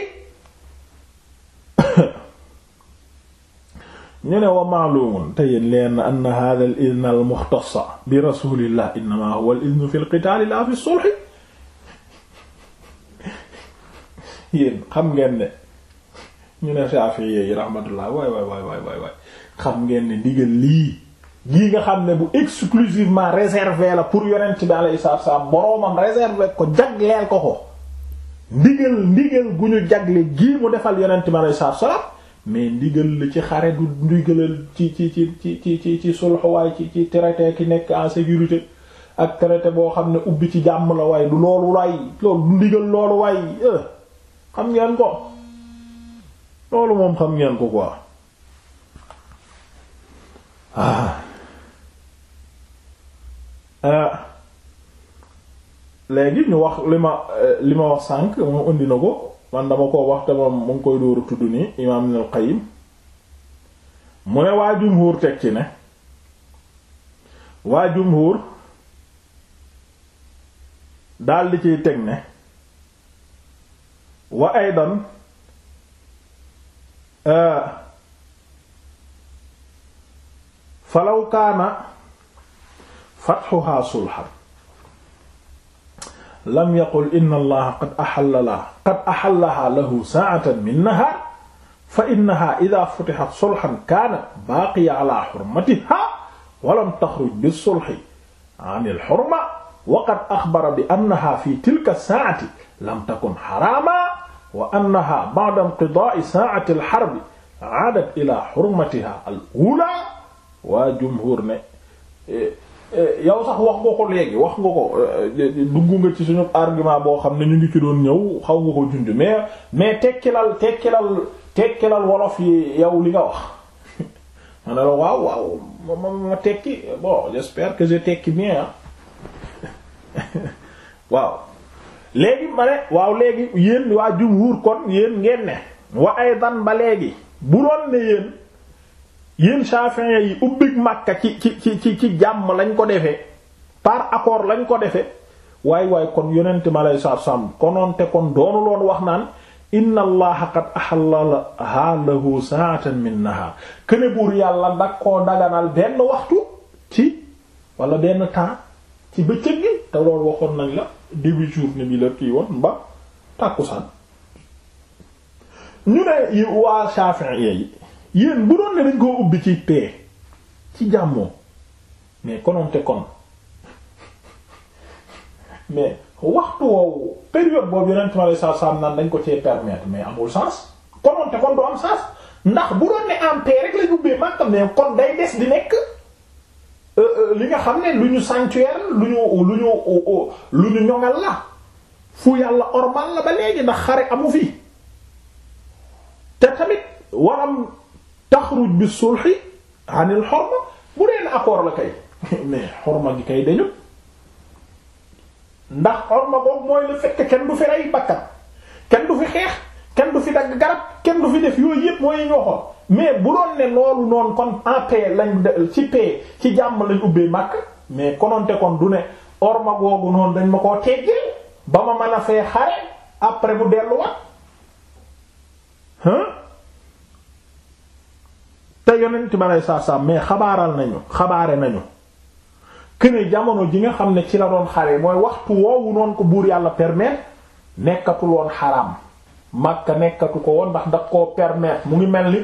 Speaker 1: [COUGHS] ne wa ma'lumun te yéen leen anna hadha al idn al muxtassa bi rasulillah innama huwa al idn fi al la fi as-sulh [LAUGHS] yéen xam ngeen ñu ne Shafi'i yi rahmatullah waay waay waay xam ngeen ne ndigal lii gii nga xam ne bu exclusivement réservé la pour yonent bi alayhi salaatu salaam boroomam réservé ko jagleel ko ko ndigal ndigal gu ñu jagle gii mu defal yonent bi alayhi salaatu salaam mais ndigal la ci xare du ndigalal ci ci ci ci ci ci ci sulx waay ci ci ki nekk en sécurité ak traité boo xam ne ubbi ci jàmm la waay du loolu waay loolu du ndigal loolu waay eh. xam ngeen ko loolu moom xam ngeen ko quoi ah, ah. léegi ñu wax li ma eh, li ma wax sànq moom indi na ko man dama ko wax te moom mu ngi koy dóoru tudd ni imaam Ibn al-Qayyim mu ne waa jumhuur teg ci ne waa jumhuur daldi ciy teg ne wa aydan Euh, falaw kaana fatxuha sulhan lam yaqul inna allaha qad axalla laha qad axallaha lahu saatan min nahaar fa innaha ida futixat sulhan kaanat baaqiya ala xurmatiha walam taxruj bisulxi an ilxurma wa qad axbara bi annaha fi tilka saati lam takun xaraama wa annaha ba'da inqidaa'i saa'ati al-harb 'aadat ila hurmatiha al-uulaa waa jumhuur ne e, e, yow sax wax nga ko léegi wax nga ko e, dugg nga ci suñu argument boo xam ne ñu ngi ci doon ñëw xaw nga ko junj mais mais tekkilal tekkilal tekkilal wolof yi yow li wax [LAUGHS] ma la waaw ma tekki bon j'espère que je tekki bien ah [LAUGHS] waaw léegi ma ne waaw léegi yéen waa jumhur kon yéen ngeen ne wa aydan ba léegi bu doon ne yéen yéen Shafi'i yi ubbig Makka ci ci ci ci jàmm lañ ko defe par accord lañ ko defee waay waay kon yonent ma lay saab sàmm konoon te kon doonu loon wax naan inna allaha qad ahalla lahu sa'atan min nahar këne buur yàlla ndag koo daganal benn waxtu ci wala benn temps ci bëccëg gi te loolu waxoon nañ la début journée bi la kii woon ba tàkkusaan ñu ne waa Shafi'i yi yéen bu doon ne dañ koo ubbi ci paix ci jàmmoo mais konoon te kon mais waxtu woowu période boobu yonent mi alayhi salaatu salaam naan dañ mais amul sens konoon am sens ndax bu doon ne en paix rek la ubbee Makka mais kon day des di nekk. Euh, euh, li nga xam ne lu ñu sanctuaire lu ñu lu ñu oh, oh, lu ñu ñoŋal la fu yàlla ormal la ba léegi ndax xare amu fi te tamit waram taxruj bi sulhi anil xorma bu dee accord la kay [LAUGHS] mais xorma gi kay dañu ndax xorma boobu mooy lu fekk kenn du fi rey bakkan kenn du fi xeex kenn du fi dagg garab kenn du fi def yooyu yépp mooy ñu waxoon mais bu doon ne loolu noonu kon en paix lañ ci paix ci jàmm lañu ubbee màkk mais kononte kon du ne orma googu noonu dañ ma koo teggil ba ma mën a fee xare après bu delluwaat hein te ma lay saab mais xabaaral nañu xabaare nañu këne jamono ji nga xam ne ci la doon xare mooy waxtu woowu noon ko buur yàlla permettre nekkatul woon xaraam Makka nekkatu ko woon ndax daf koo permettre mu ngi mel ni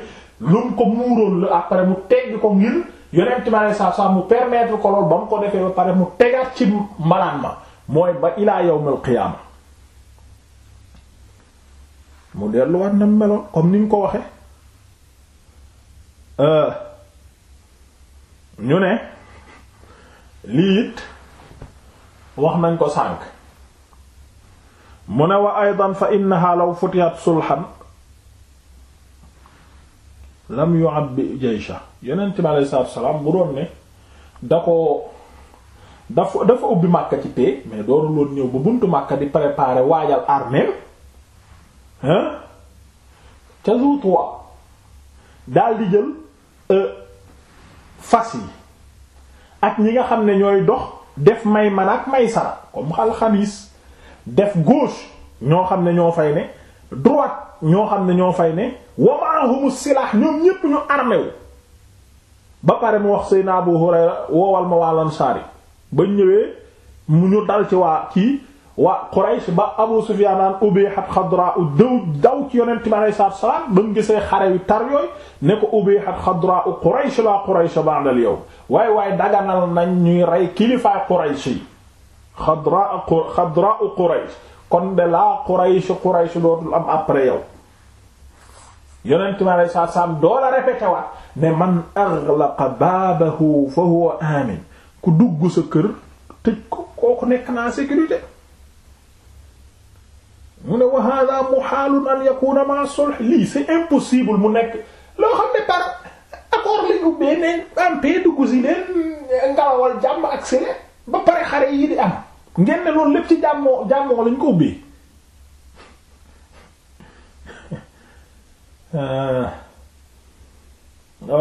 Speaker 1: lu mu ko muuroon la après mu tegg ko ngir yonent ma ne saa saa mu permettre ko lool ba mu ko defee ba pare mu tegaat ci malaan ma mooy ba ilaa yawmal qiyaama mu delluwaat na comme ni ko waxe euh, lii it wax nañ ko sànk mu ne wa aydan fa innaha law futihat sulhan lam yu'abbi jaysha yonent bi aleyhi salaatu salaam bu doon ne da ko dafa dafa ubbi Makka ci pee mais doonu loon ñëw ba buntu Makka di préparer waajal armée hein ca Zuu Tuwaa daal di jël euh, fas yi ak ñi nga xam ne ñooy dox def may man ak may sara comme xal def gauche ñoo xam ne ñoo fay ne droite ñoo xam ne ñoo fay ne wamahumu silaax ñoom ñépp ñu armé ba pare mu wax Seydina Abu Hurayra wowal ma waa Ansaari ba ñëwee mu ñu dal ci waa kii waa Quraysh ba Abu Sufyaan naan ubihat u daw daw ci yonent bi alayhi salaatu wa ba mu gisee xare yu tar yooyu ne ko ubihat xadraa'u Quraysh la Quraysh ba'da al-yawm waaye waaye daganal nañ ñuy rey kilifaay Quraysh yi xadraa xadraa Quraysh kon de laa Quraysh Quraysh dootul am après yow yonent mi aleyhi salaatu salaam doola répété man aghlaqa baabahu fa huwa aamin ku dugg sa kër tëj ko kooku nekk naa sécurité mu ne wa hada muhaalun an yakuna ma'a sulh lii c'est impossible mu nekk loo xam ne par accord li ñu bee ne en paix dugg si leen ngalawal ak sele ba pare xare yi di am ngeen ne loolu lépp ci jàmmoo jàmmoo lañ ko ubbee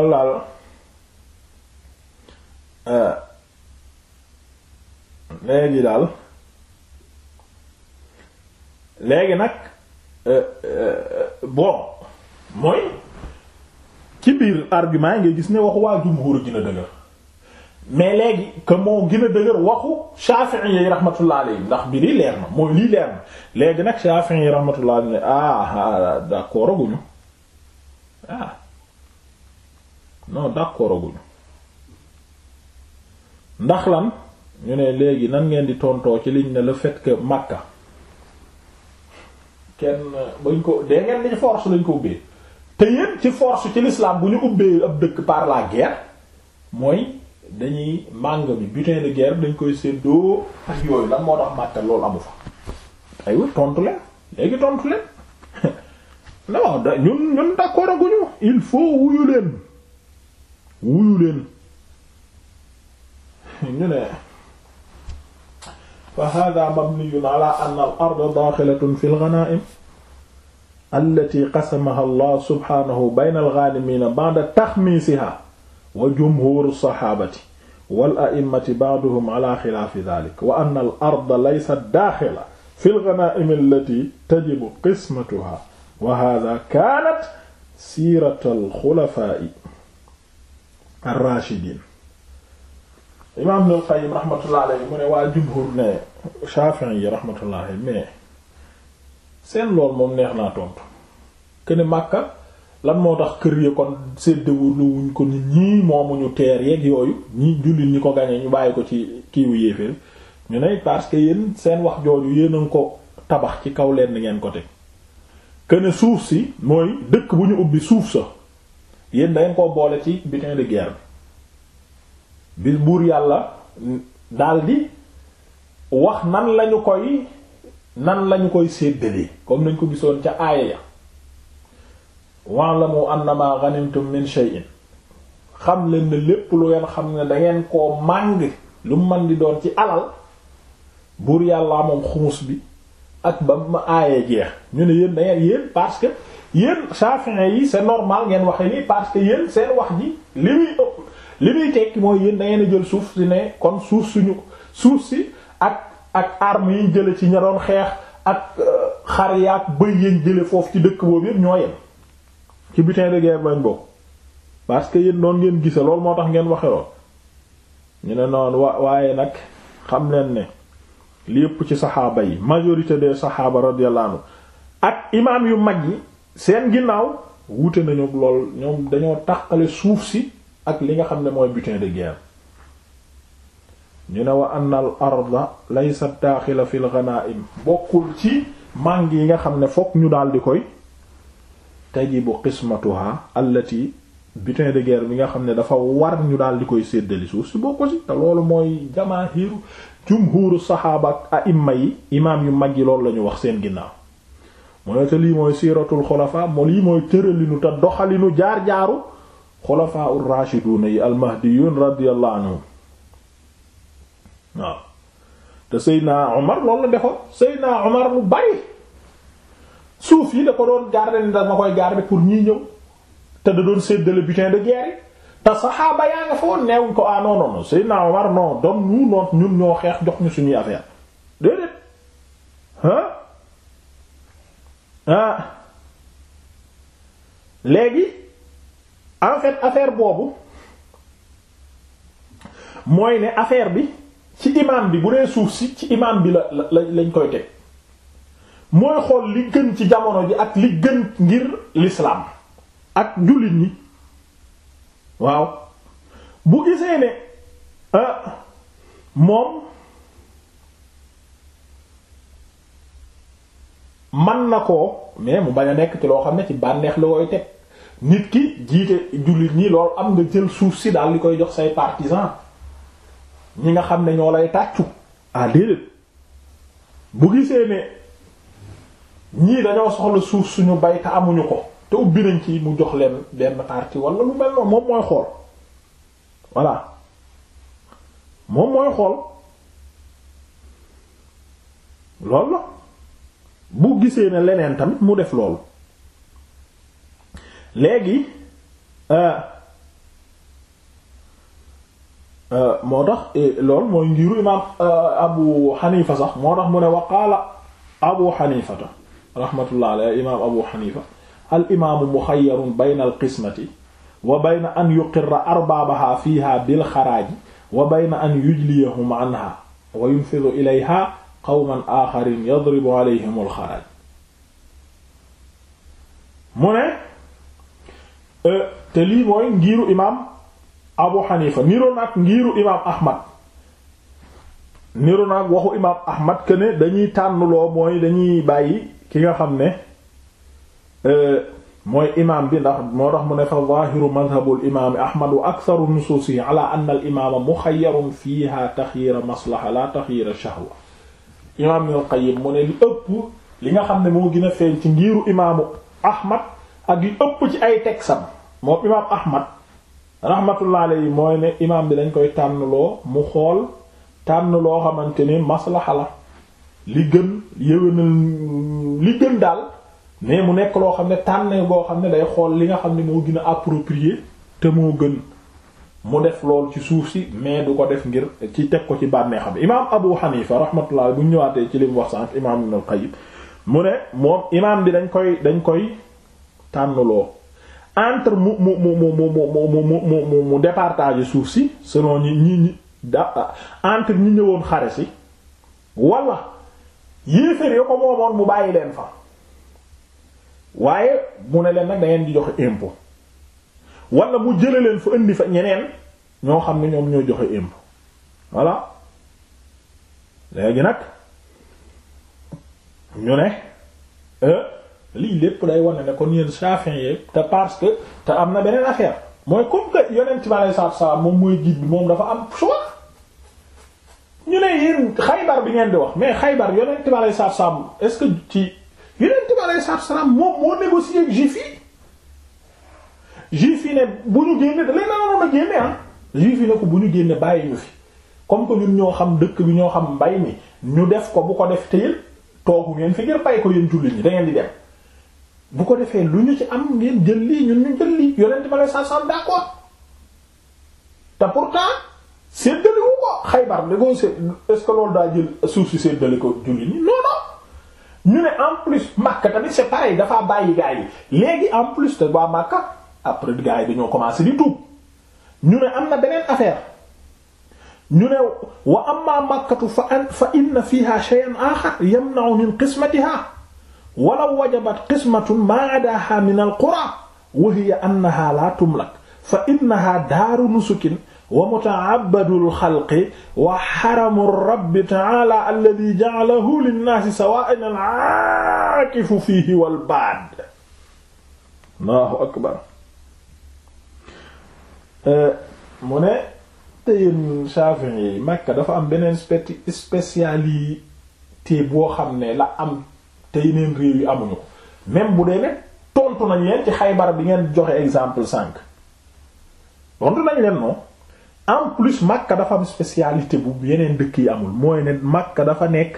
Speaker 1: [LAUGHS] loolu daal eh, léegi daal léegi nag eh, eh, bon mooy ci biir argument yi ngay gis ne waxu waa jumhur gën dëgër mais léegi que moo gën a dëgër waxu Shafi'i yi rahmatullah alayhi ndax biri leer na mooy lii leer na léegi nag Shafi'i yi rahmatullah ne ah, ah, ah d'accord aguñu ah non d'accord aguñu ndax lan ñu ne léegi nan ngeen di tontoo ci liñ ne le fait que Makka kenn bañ ko dee ngeen ni force lañ ko ubbee te yéen ci force ci l'islam bu ñu ubbee ab dëkk par la guerre mooy dañuy màngo bi butin de guerre dañ koy séddoo ak yooyu lan moo tax Makka loolu amu fa aywa tontu leen léegi tontu leen [LAUGHS] non da ñun ñun d'accord aguñu il faut wuyu leen wuyu leen [LAUGHS] ñu ne fa hada mabniyun ala anna al ard fi al ghanaim allati allah subhanahu bayna al ghanimin ba'da wa jumhuru saxaabati wal a'immati ba'duhum ala xilaafi daalika wa anna al arda laysat daaxila fi lganaa'imi allati tajibu qismatuha wa haaza kaanat siiratu al-xulafaa'i ar-raashidiin. imaam Ibnul Qayyim rahmatullahi alayhi mu ne waa jumhur ne Shaafi'i yi rahmatullahi mais seen lool moom neex naa tontu que ne Makka lan moo tax kër ya kon séddewuluwuñ ko nit ñii moomuñu teer yeeg yooyu ñi jullit ñi ko gañe ñu bàyyi ko ci kiiwu yéeféer ñu ne parce que yéen seen wax jooju yéen a ngi ko tabax ci kaw leen ngeen ko teg këne suuf si mooy dëkk bu ñu ubbi suuf sa yéen dangeen ko boole ci butin de bi buur yàlla daldi wax nan lañu koy nan lañu koy séddalee comme nañ ko gisoon ca aaya ya la wa'lamu annama ghanimtum min shay'in xam leen ne lépp lu ngeen xam ne dangeen koo màng lu man di doon ci alal buur yàllaa moom xumus bi ak ba ma aayee jeex ñu ne yéen dangeen yéen parce que yéen Shafi'i yi c'est normal ngeen waxe nii parce que yéen seen wax ji li muy ëpp li muy tekki mooy yéen dangeen jël suuf si ne kon suuf suñu suuf si ak ak armes yi jële ci ña doon xeex ak euh, xar yaak bëy yañ jële foofu ci dëkk boobu yëpp ñoo yem ci butin de guerre bañ boo parce que yéen noonu ngeen gise loolu moo tax ngeen waxe lool ñu ne noon wa waaye nag xam leen ne li yëpp ci saxaaba yi majorité de saxaaba radiyallahu anhu ak imaam yu mag yi seen ginnaaw wuute nañu lool ñoom dañoo taqali suuf si ak li nga xam ne mooy butin de guerre ñu ne wa anna al arda laysat daaxila fil ghanaim bokkul ci màng yi nga xam ne fokk ñu daal di koy tajibu qismatuha allati butin de guerre bi nga xam ne dafa war ñu daal di koy séddali suuf si bokk si te loolu mooy jamaahiru jumhuru saxaaba ak aimma yi imaam yu mag yi loolu la wax seen ginnaaw mu ne te lii mooy siiratul xulafa mo lii mooy tëralinu te doxalinu jaar-jaaru xulafaa ur rashiduna yi almahdiyun radiyallahu anhum waaw te Seydina Omar loolu la defoon Seydina Omar mu bari suuf yi da ko doon garder ni dama koy garder pour ñii ñëw te da doon séddale butin de guerre yi te saxaaba yaa nga fa woon neewuñ ko ah non non non Seydina Omar doon ñu noot ñun ñoo xeex jox ñu suñuy affaire déedéet ah léegi en fait affaire boobu mooy ne affaire bi ci imam bi bu dee suuf si ci imam bi la la lañ koy teg. mooy xool li gën ci jamono ji ak li gën ngir lislaam ak jullit ñi waaw bu gisee ne euh, moom man na ko mais mu bañ a nekk ci loo xam ne ci bànneex la koy teg nit ki jiite jullit ñi loolu am nga jël suuf si daal li koy jox say partisan ñi nga xam ne ñoo lay tàccu ah déedéet bu gisee ne ñii dañoo soxla suuf suñu bay te amuñu ko te ubbi nañ ci mu jox leen benn partie wala lu mel noonu moom mooy xool voilà moom mooy xool loolu la bu gisee ne leneen tamit mu def loolu léegi euh, euh, moo tax loolu mooy ngiru imaam euh, Abu Hanifa sax moo tax mu ne waqaala Abu Hanifata rahmatullah alayhi imaam Abu Hanifa al imaamu muxayyarun bayna al qismati wa bayna an yuqirra arbaabaha fiiha bil xaraaji wa bayna an yujliyahum anha wa yunfidu ilayha qawman aaxarin yadribu alayhim al mu ne e, te mooy ngiiru imaam Abu Hanifa niroo naag ngiiru imaam Ahmad niroo naag waxu imaam Ahmad que ne dañuy tànnloo mooy dañuy bàyyi. ki nga xam ne euh, mooy imaam bi ndax moo tax mu ne fa zaahiru madhabul imaam ahmad wa aktharu nusuusihi ala anna al imaama mukhayyarun fiiha taxyiira maslaha la taxyiira shahwa imaam Ibnul Qayyim li ëpp li nga xam ne moo gën a feeñ ci ngiiru imaamu ahmad ak li ëpp ci ay tegsam moom imaam ahmad rahmatullah alayhi mooy ne imaam bi dañ koy tànn loo mu xool tànn loo xamante ni la li gën yëwénal li gën daal mais mu nekk loo xam ne tànne boo xam ne day xool li nga xam ne moo gën a approprié te moo gën mu def lool ci suuf si mais du ko def ngir ci teg ko ci bànnee xam imaam Abu Hanifa rahmatullah bu ñu ñëwaatee ci lim mu wax sànq imaam Ibn al-Qayyim mu ne moom imaam bi dañ koy dañ koy tànnloo entre mu mu mu mu mu mu mu mu mu départage suuf si selon ñi ñi ñi da entre ñi ñëwoon xare si wala yéeféer yo ko moomoon mu bàyyi leen fa waaye mu ne leen nag da ngeen di joxe impo wala mu jële leen fa indi fa ñeneen ñoo xam ne ñoom ñoo joxe impôt voilà léegi nag ñu ne euh, lii lépp day wane ne kon yéen chafin yee te parce que te am na beneen affaire mooy comme que yonent bi alayhi salaatu wa salaam moom mooy guide bi moom dafa am choix ñu ne yéen xaybar bi ngeen di wax mais xaybar yonent bi alayhi salaatu salaam est-ce que ci yonent bi alayhi moom moo négocié ak juif yi juif yi ne bu ñu génne da leen a a génne ah juif yi ne ko bu ñu génne bàyyi ñu fi comme que ñun ñoo xam dëkk bi ñoo xam mbay mi ñu def ko bu ko def teel toogu ngeen fi ngir bàyyi ko yéen jullit ñi da ngeen di dem bu ko defee lu ñu ci am ngeen jël lii ñun ñu jël lii yonent bi alayhi salaatu salaam d'accord te pourtant c'est xaybar est-ce que loolu daa jël suuf si séddale en plus Makka tamit c'est pareil bàyyi gaa léegi en plus te waa Makka après gaa yi dañoo ñu ne am na beneen affaire ñu ne wa amma Makkatu fa an fa inna fiha shay'an akhar yamna'u min qismatiha walaw wajabat qismatun ma adaha min al qura wa hiya annaha la tumlak fa innaha daaru wa muta'abbadul xalqi wa xaramu rabbi ta'ala alladhi ja'alahu linnaasi sawaa'an al-'aakifu fiihi wal baad Allahu mu ne te yéen Makka dafa am beneen spécialité boo xam ne la am te yeneen réew yi amuñu ko même bu dee ne tontu nañ leen ci Xaybar bi ngeen joxe exemple cinq tontu nañ leen noonu en plus Makka dafa am spécialité bu yeneen dëkk yi amul mooy ne Makka dafa nekk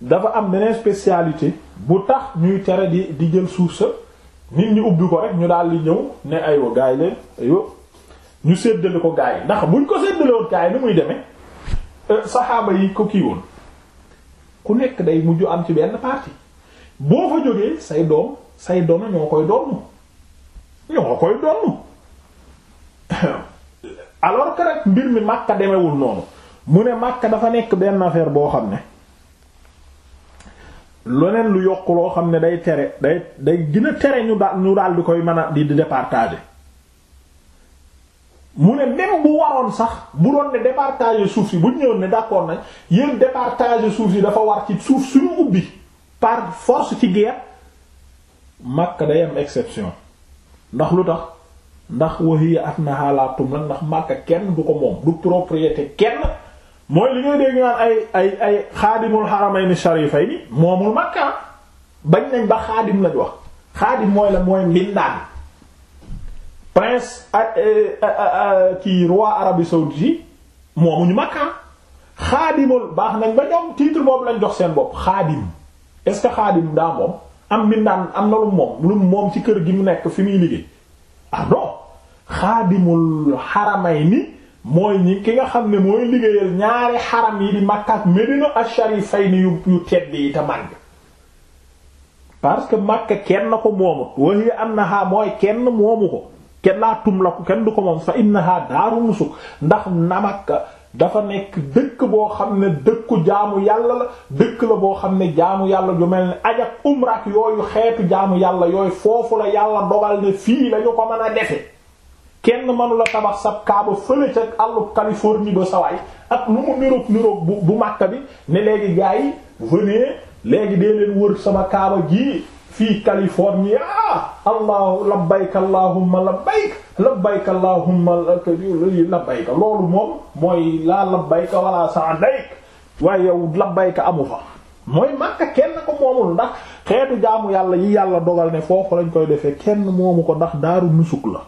Speaker 1: dafa am beneen spécialité bu tax ñuy tere di di jël suuf sa nit ñi ubbi ko rek ñu daal di ñëw ne aywa gaay leen ñu séddale ko gaay ndax buñ ko séddale woon gaay ni muy demee euh, saxaaba yi ko kii woon ku nekk day mujj am ci benn parti boo fa jógee say doom say doom ñoo koy donn ñoo koy donn [LAUGHS] alors que rek mbir mi Makka demewul noonu mu ne Makka dafa nekk benn affaire boo xam ne leneen lu yokk loo xam ne day tere day day gën a tere ñu daal ñu daal di koy mën a di departage mu ne même bu waroon sax bu doon ne départager suuf si bu ñëwoon ne d'accord nañ yéen départager suuf si dafa war ci suuf suñu ubbi par force ci guerre Makka day am exception ndax lu tax. ndax wahiya at na xaalatum nag ndax Makka kenn du ko moom du propriété kenn mooy li ngay dégg naan ay ay ay xaadimul xaramayni sharifayni moomul Makka bañ nañ ba xaadim lañ wax xaadim mooy la mooy mbindaan prince ci roi Arabie saoudite moomuñu Makka xaadimul baax nañ ba ñoom titre boobu lañ jox seen bopp xaadim est-ce que xaadim daa moom am mbindaan am na lu moom lu moom ci kër gi mu nekk fi muy liggéey ah non xaadimul xaramay ni mooy ñi ki nga xam ne mooy liggéeyal ñaari xaram yi di Makka ak Medina ash-sharifayni yu yu tedd yi te màgg parce que Makka kenn ko moomut wa hiya annaha mooy kenn moomu ko kenn laa tum la ko kenn du ko moom fa innaha daaru nusuk ndax na Makka dafa nekk dëkk boo xam ne dëkku jaamu yàlla la dëkk la boo xam ne jaamu yàlla ju mel ne aj ak umra ak yooyu xeetu jaamu yàlla yooyu foofu la yàlla dogal ne fii lañu ko mën a defee kenn mënu la tabax sab kaaba fële ca àllub Californie ba sawaay ak lu mu niroog niroog bu bu Makka bi ne léegi gars yi venez léegi dee leen wër sama kaaba ji fii Californie allahu labbayka allahumma labbayka labbayka allahumma labbayka loolu moom mooy laa labbayka wala sa'dayka waaye yow labbayka amu fa mooy Makka kenn ko moomul ndax xeetu jaamu yàlla yi yàlla dogal ne foofu lañ koy defee kenn moomu ko ndax daaru nusuk la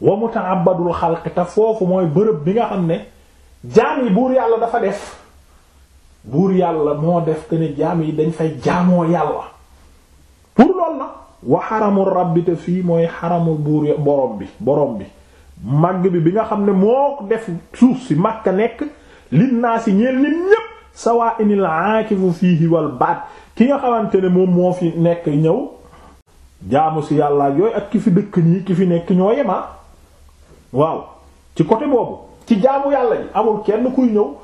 Speaker 1: wa muta'abbadul xalq foofu mooy bërëb bi nga xam ne jaam yi buur yàlla dafa def buur yàlla moo def que ne jaam yi dañ fay jaamoo yàlla pour lool na wa xaramul rabbi fii mooy xaramul buur borom bi borom bi màgg bi bi nga xam ne moo def suuf si Makka nekk lin naa si ñeel nit ñépp sawaa inil aakifu fiihi wal baat ki nga xamante ne moom moo fi nekk ñëw jaamu si yàlla yooyu ak ki fi dëkk nii ki fi nekk ñoo yemaa ah. waaw ci côté boobu ci jaamu yàlla ji amul kenn kuy ñëw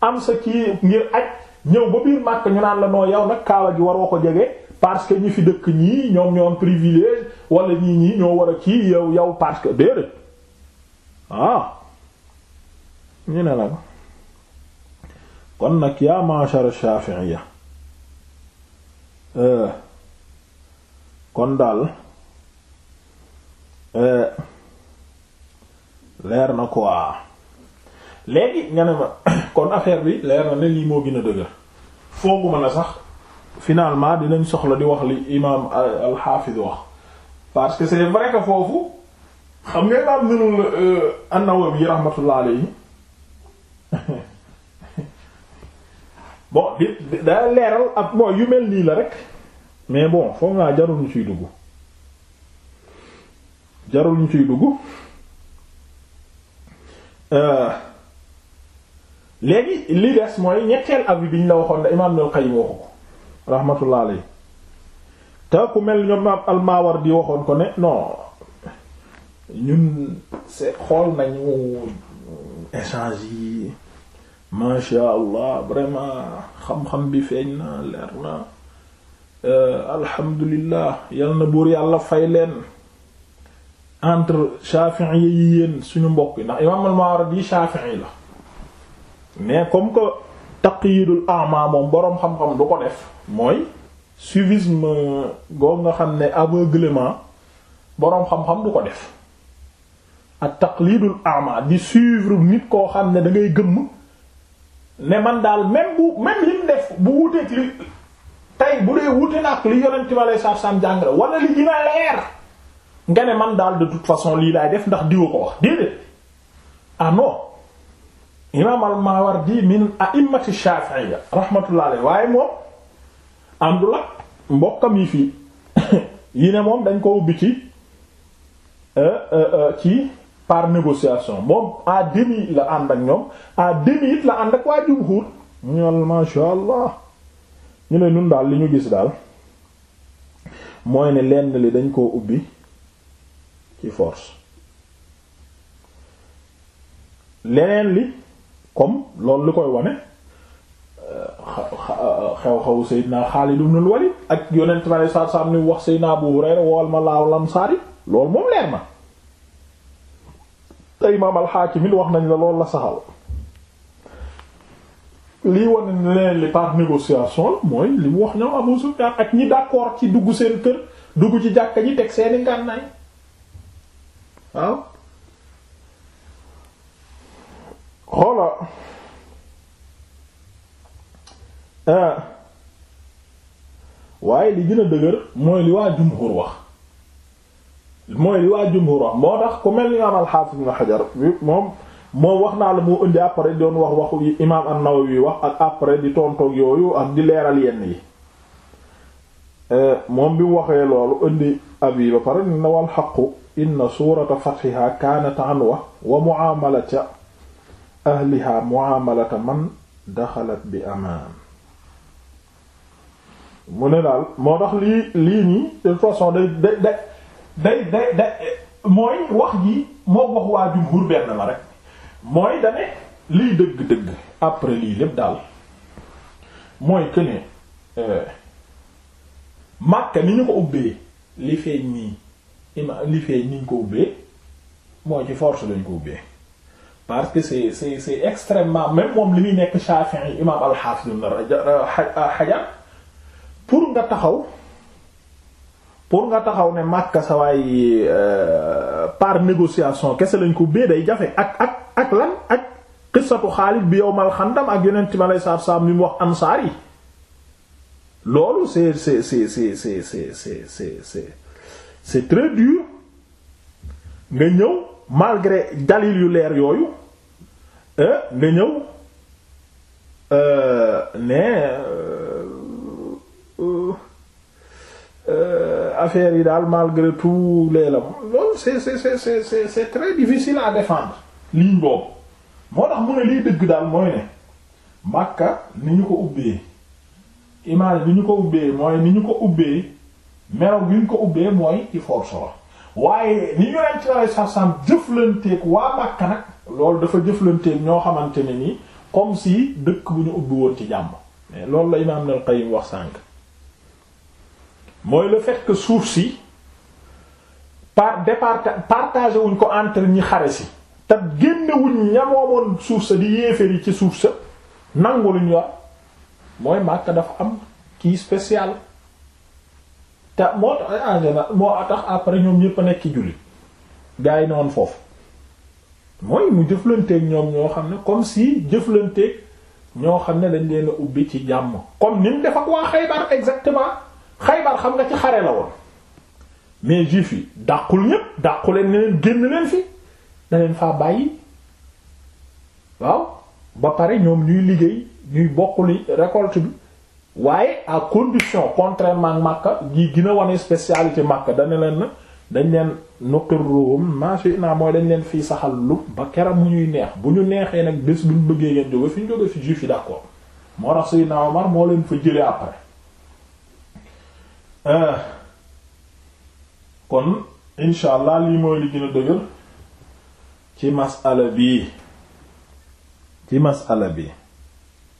Speaker 1: am sa kii ngir aj ñëw ba biir Makka ñu naan la noo yow nag kaaba gi waroo ko jege parce que ñi fi dëkk ñii ñoom ñoom privilège walla ñii ñii ñoo war a kii yow yow parce que déedéet ah ñu ne la kon nag yaa ma'shar ash ya euh. kon daal euh, leer na quoi léegi nga ne ma [COUGHS] kon affaire bi leer na ne lii moo gën a dëgër fooguma na sax finalement dinañ soxla di wax li imaam al-Hafiz wax parce que c'est vrai foofu xam nga imaam nunul euh, an-Nawawi rahmatullah alayhi [LAUGHS] bon di da leeral ak yu mel nii la rek mais bon foog naa jarul ñu ciy dugg jarul ñu ciy dugg euh, léegi li des mooy ñetteel avis bi ñu la waxoon da imaam Ibnul Qayyim waxu ko rahmatullah aley te ku mel ñoom maam al-Mawardi waxoon ko ne non ñun c'est xool nañu échange yi masha allah vraiment xam-xam bi feeñ na leer na euh, alhamdulillah yal na buur yàlla fay leen entre Shafi'i yi yéen suñu mbokk yi ndax imam al-Mawardi Shafi'i la mais comme que taqyidul a'ma moom boroom xam-xam du ko def mooy suivisme goog nga xam ne aveuglement boroom xam-xam du ko def ak taqlidul a'ma di suivre nit koo xam ne da ngay gëmm ne man daal même bu même lim def bu wuteeg li tey bu dee wute nak li yonent bi aleyhi salaatu salaam jàngale wala li dina leer nga ne man daal de toute façon lii laay def ndax diwa ko wax déedéet ah non imaam al-Mawardi min a'immati Shafi'iyya rahmatullahi alayhi waaye moom àndul ak mbokkam yi fii [COUGHS] yi ne moom dañ ko ubbi ci euh, euh, euh, ci par négociation moom à demi la ànd ak ñoom à demi it la ànd ak waa jumhur ñol masha Allah ñu ne ñun daal li ñu gis daal mooy ne lenn li dañ koo ubbi ci force leneen li comme loolu li koy wane euh, xew-xew Seydina Xaalid ibn Walid ak yonent ma ne saa saa ni wax Seydina Abu Hurayra wool ma laaw lamsaari loolu moom leer na tey imaam al-Haakim wax nañ la loolu la saxal lii wane ne leen li par négociation mooy li mu wax ñoom amul Sufyaan ak ñi d'accord ci dugg seen kër dugg ci jàkka ji teg seeni ngànnaay waaw xoola ah. waaye li gën a dëgër mooy li waa jumhur wax mooy li waa jumhur wax moo tax ku mel ni imaam al-Hafiz ibn Hajar moom moom wax naa la moo indi après doon wax waxu imaam an-Nawawi wax ak après di tontoog yooyu ak di leeral yenn yi eh, moom bi mu waxee loolu indi ab ba pare na wal xaqu inna suurata fathiha kaanat anwa wa mu'aamalata ahliha muamalata man daxalat bi amaan mu ne daal moo tax lii lii nii de façon day day day day mooy wax ji moo wax waa jumhur benn la rek mooy dane lii dëgg-dëgg après lii lépp daal mooy que euh, Makka ni ñu ko ubbee li feeñ nii ima li feeñ ni ko ubbee mooy ci force lañ ko ubbee parce que c'est c'est c'est extrêmement même moom li muy nekk Shafi'i imam al-Hafiz ibn Hajar pour nga taxaw pour nga taxaw ne Makka sa waay euh, par négociation kese lañ ko bee day jafe ak ak ak lan ak qissatu Xaalid bi yawmal Xandam ak yeneen time lay saab saab mi mu wax ansaar yi loolu c'est c'est c'est c'est c'est nga ñëw malgré dalil yu leer yooyu euh, nga ñëw euh, ne euh, affaire yi daal malgré tout leelam loolu c'est c'est c'est c'est c'est très difficile à défendre ligne boobu moo tax mu ne liy dëgg daal mooy ne Makka ni ñu ko ubbee image bi ñu ko ubbee mooy ni ñu ko ubbee melaw bi ñu ko ubbee mooy ci force la waaye ni yonent bi alayhi salaam jëflanteeg waa Makka nag loolu dafa jëflanteeg ñoo xamante ne nii comme si dëkk bu ñu ubbi woon ci jàmm mais loolu la imaam Ibnul Qayyim wax sànq mooy le fait suuf si par partagé wuñ ko entre ñi xare si te génnewuñ ñamoomoon suuf sa di yéeféri ci suuf sa nangu luñ wax mooy Makka dafa am kii spécial te moo tax ah, moo tax après ñoom ñëpp a nekk ci jullit gars yi noonu foofu mooy mu jëflanteeg ñoom ñoo xam ne comme si jëflanteeg ñoo xam ne dañ leen ubbi ci jàmm comme ni mu def ak waa Xaybar exactement Xaybar xam nga ci xare la woon mais juif yi dàqul ñëpp dàquleen ne leen génn leen fi da leen faa bàyyi waaw ba pare ñoom ñuy liggéey ñuy bokkuli récolte bi waaye ak condition contrairement Makka gi gën a wane spécialité Makka dana leen dañ leen nuqirruhum ma shi'na mooy dañ leen fii saxal lu ba keram mu ñuy neex bu ñu neexee nag bés bu ñu bëggee ngeen jóge fi ñu jóge fi juif yi d'accord moo tax Seydina Omar moo leen fa jëlee après euh, kon insha allah lii mooy li gën a ci masala bi ci masala bi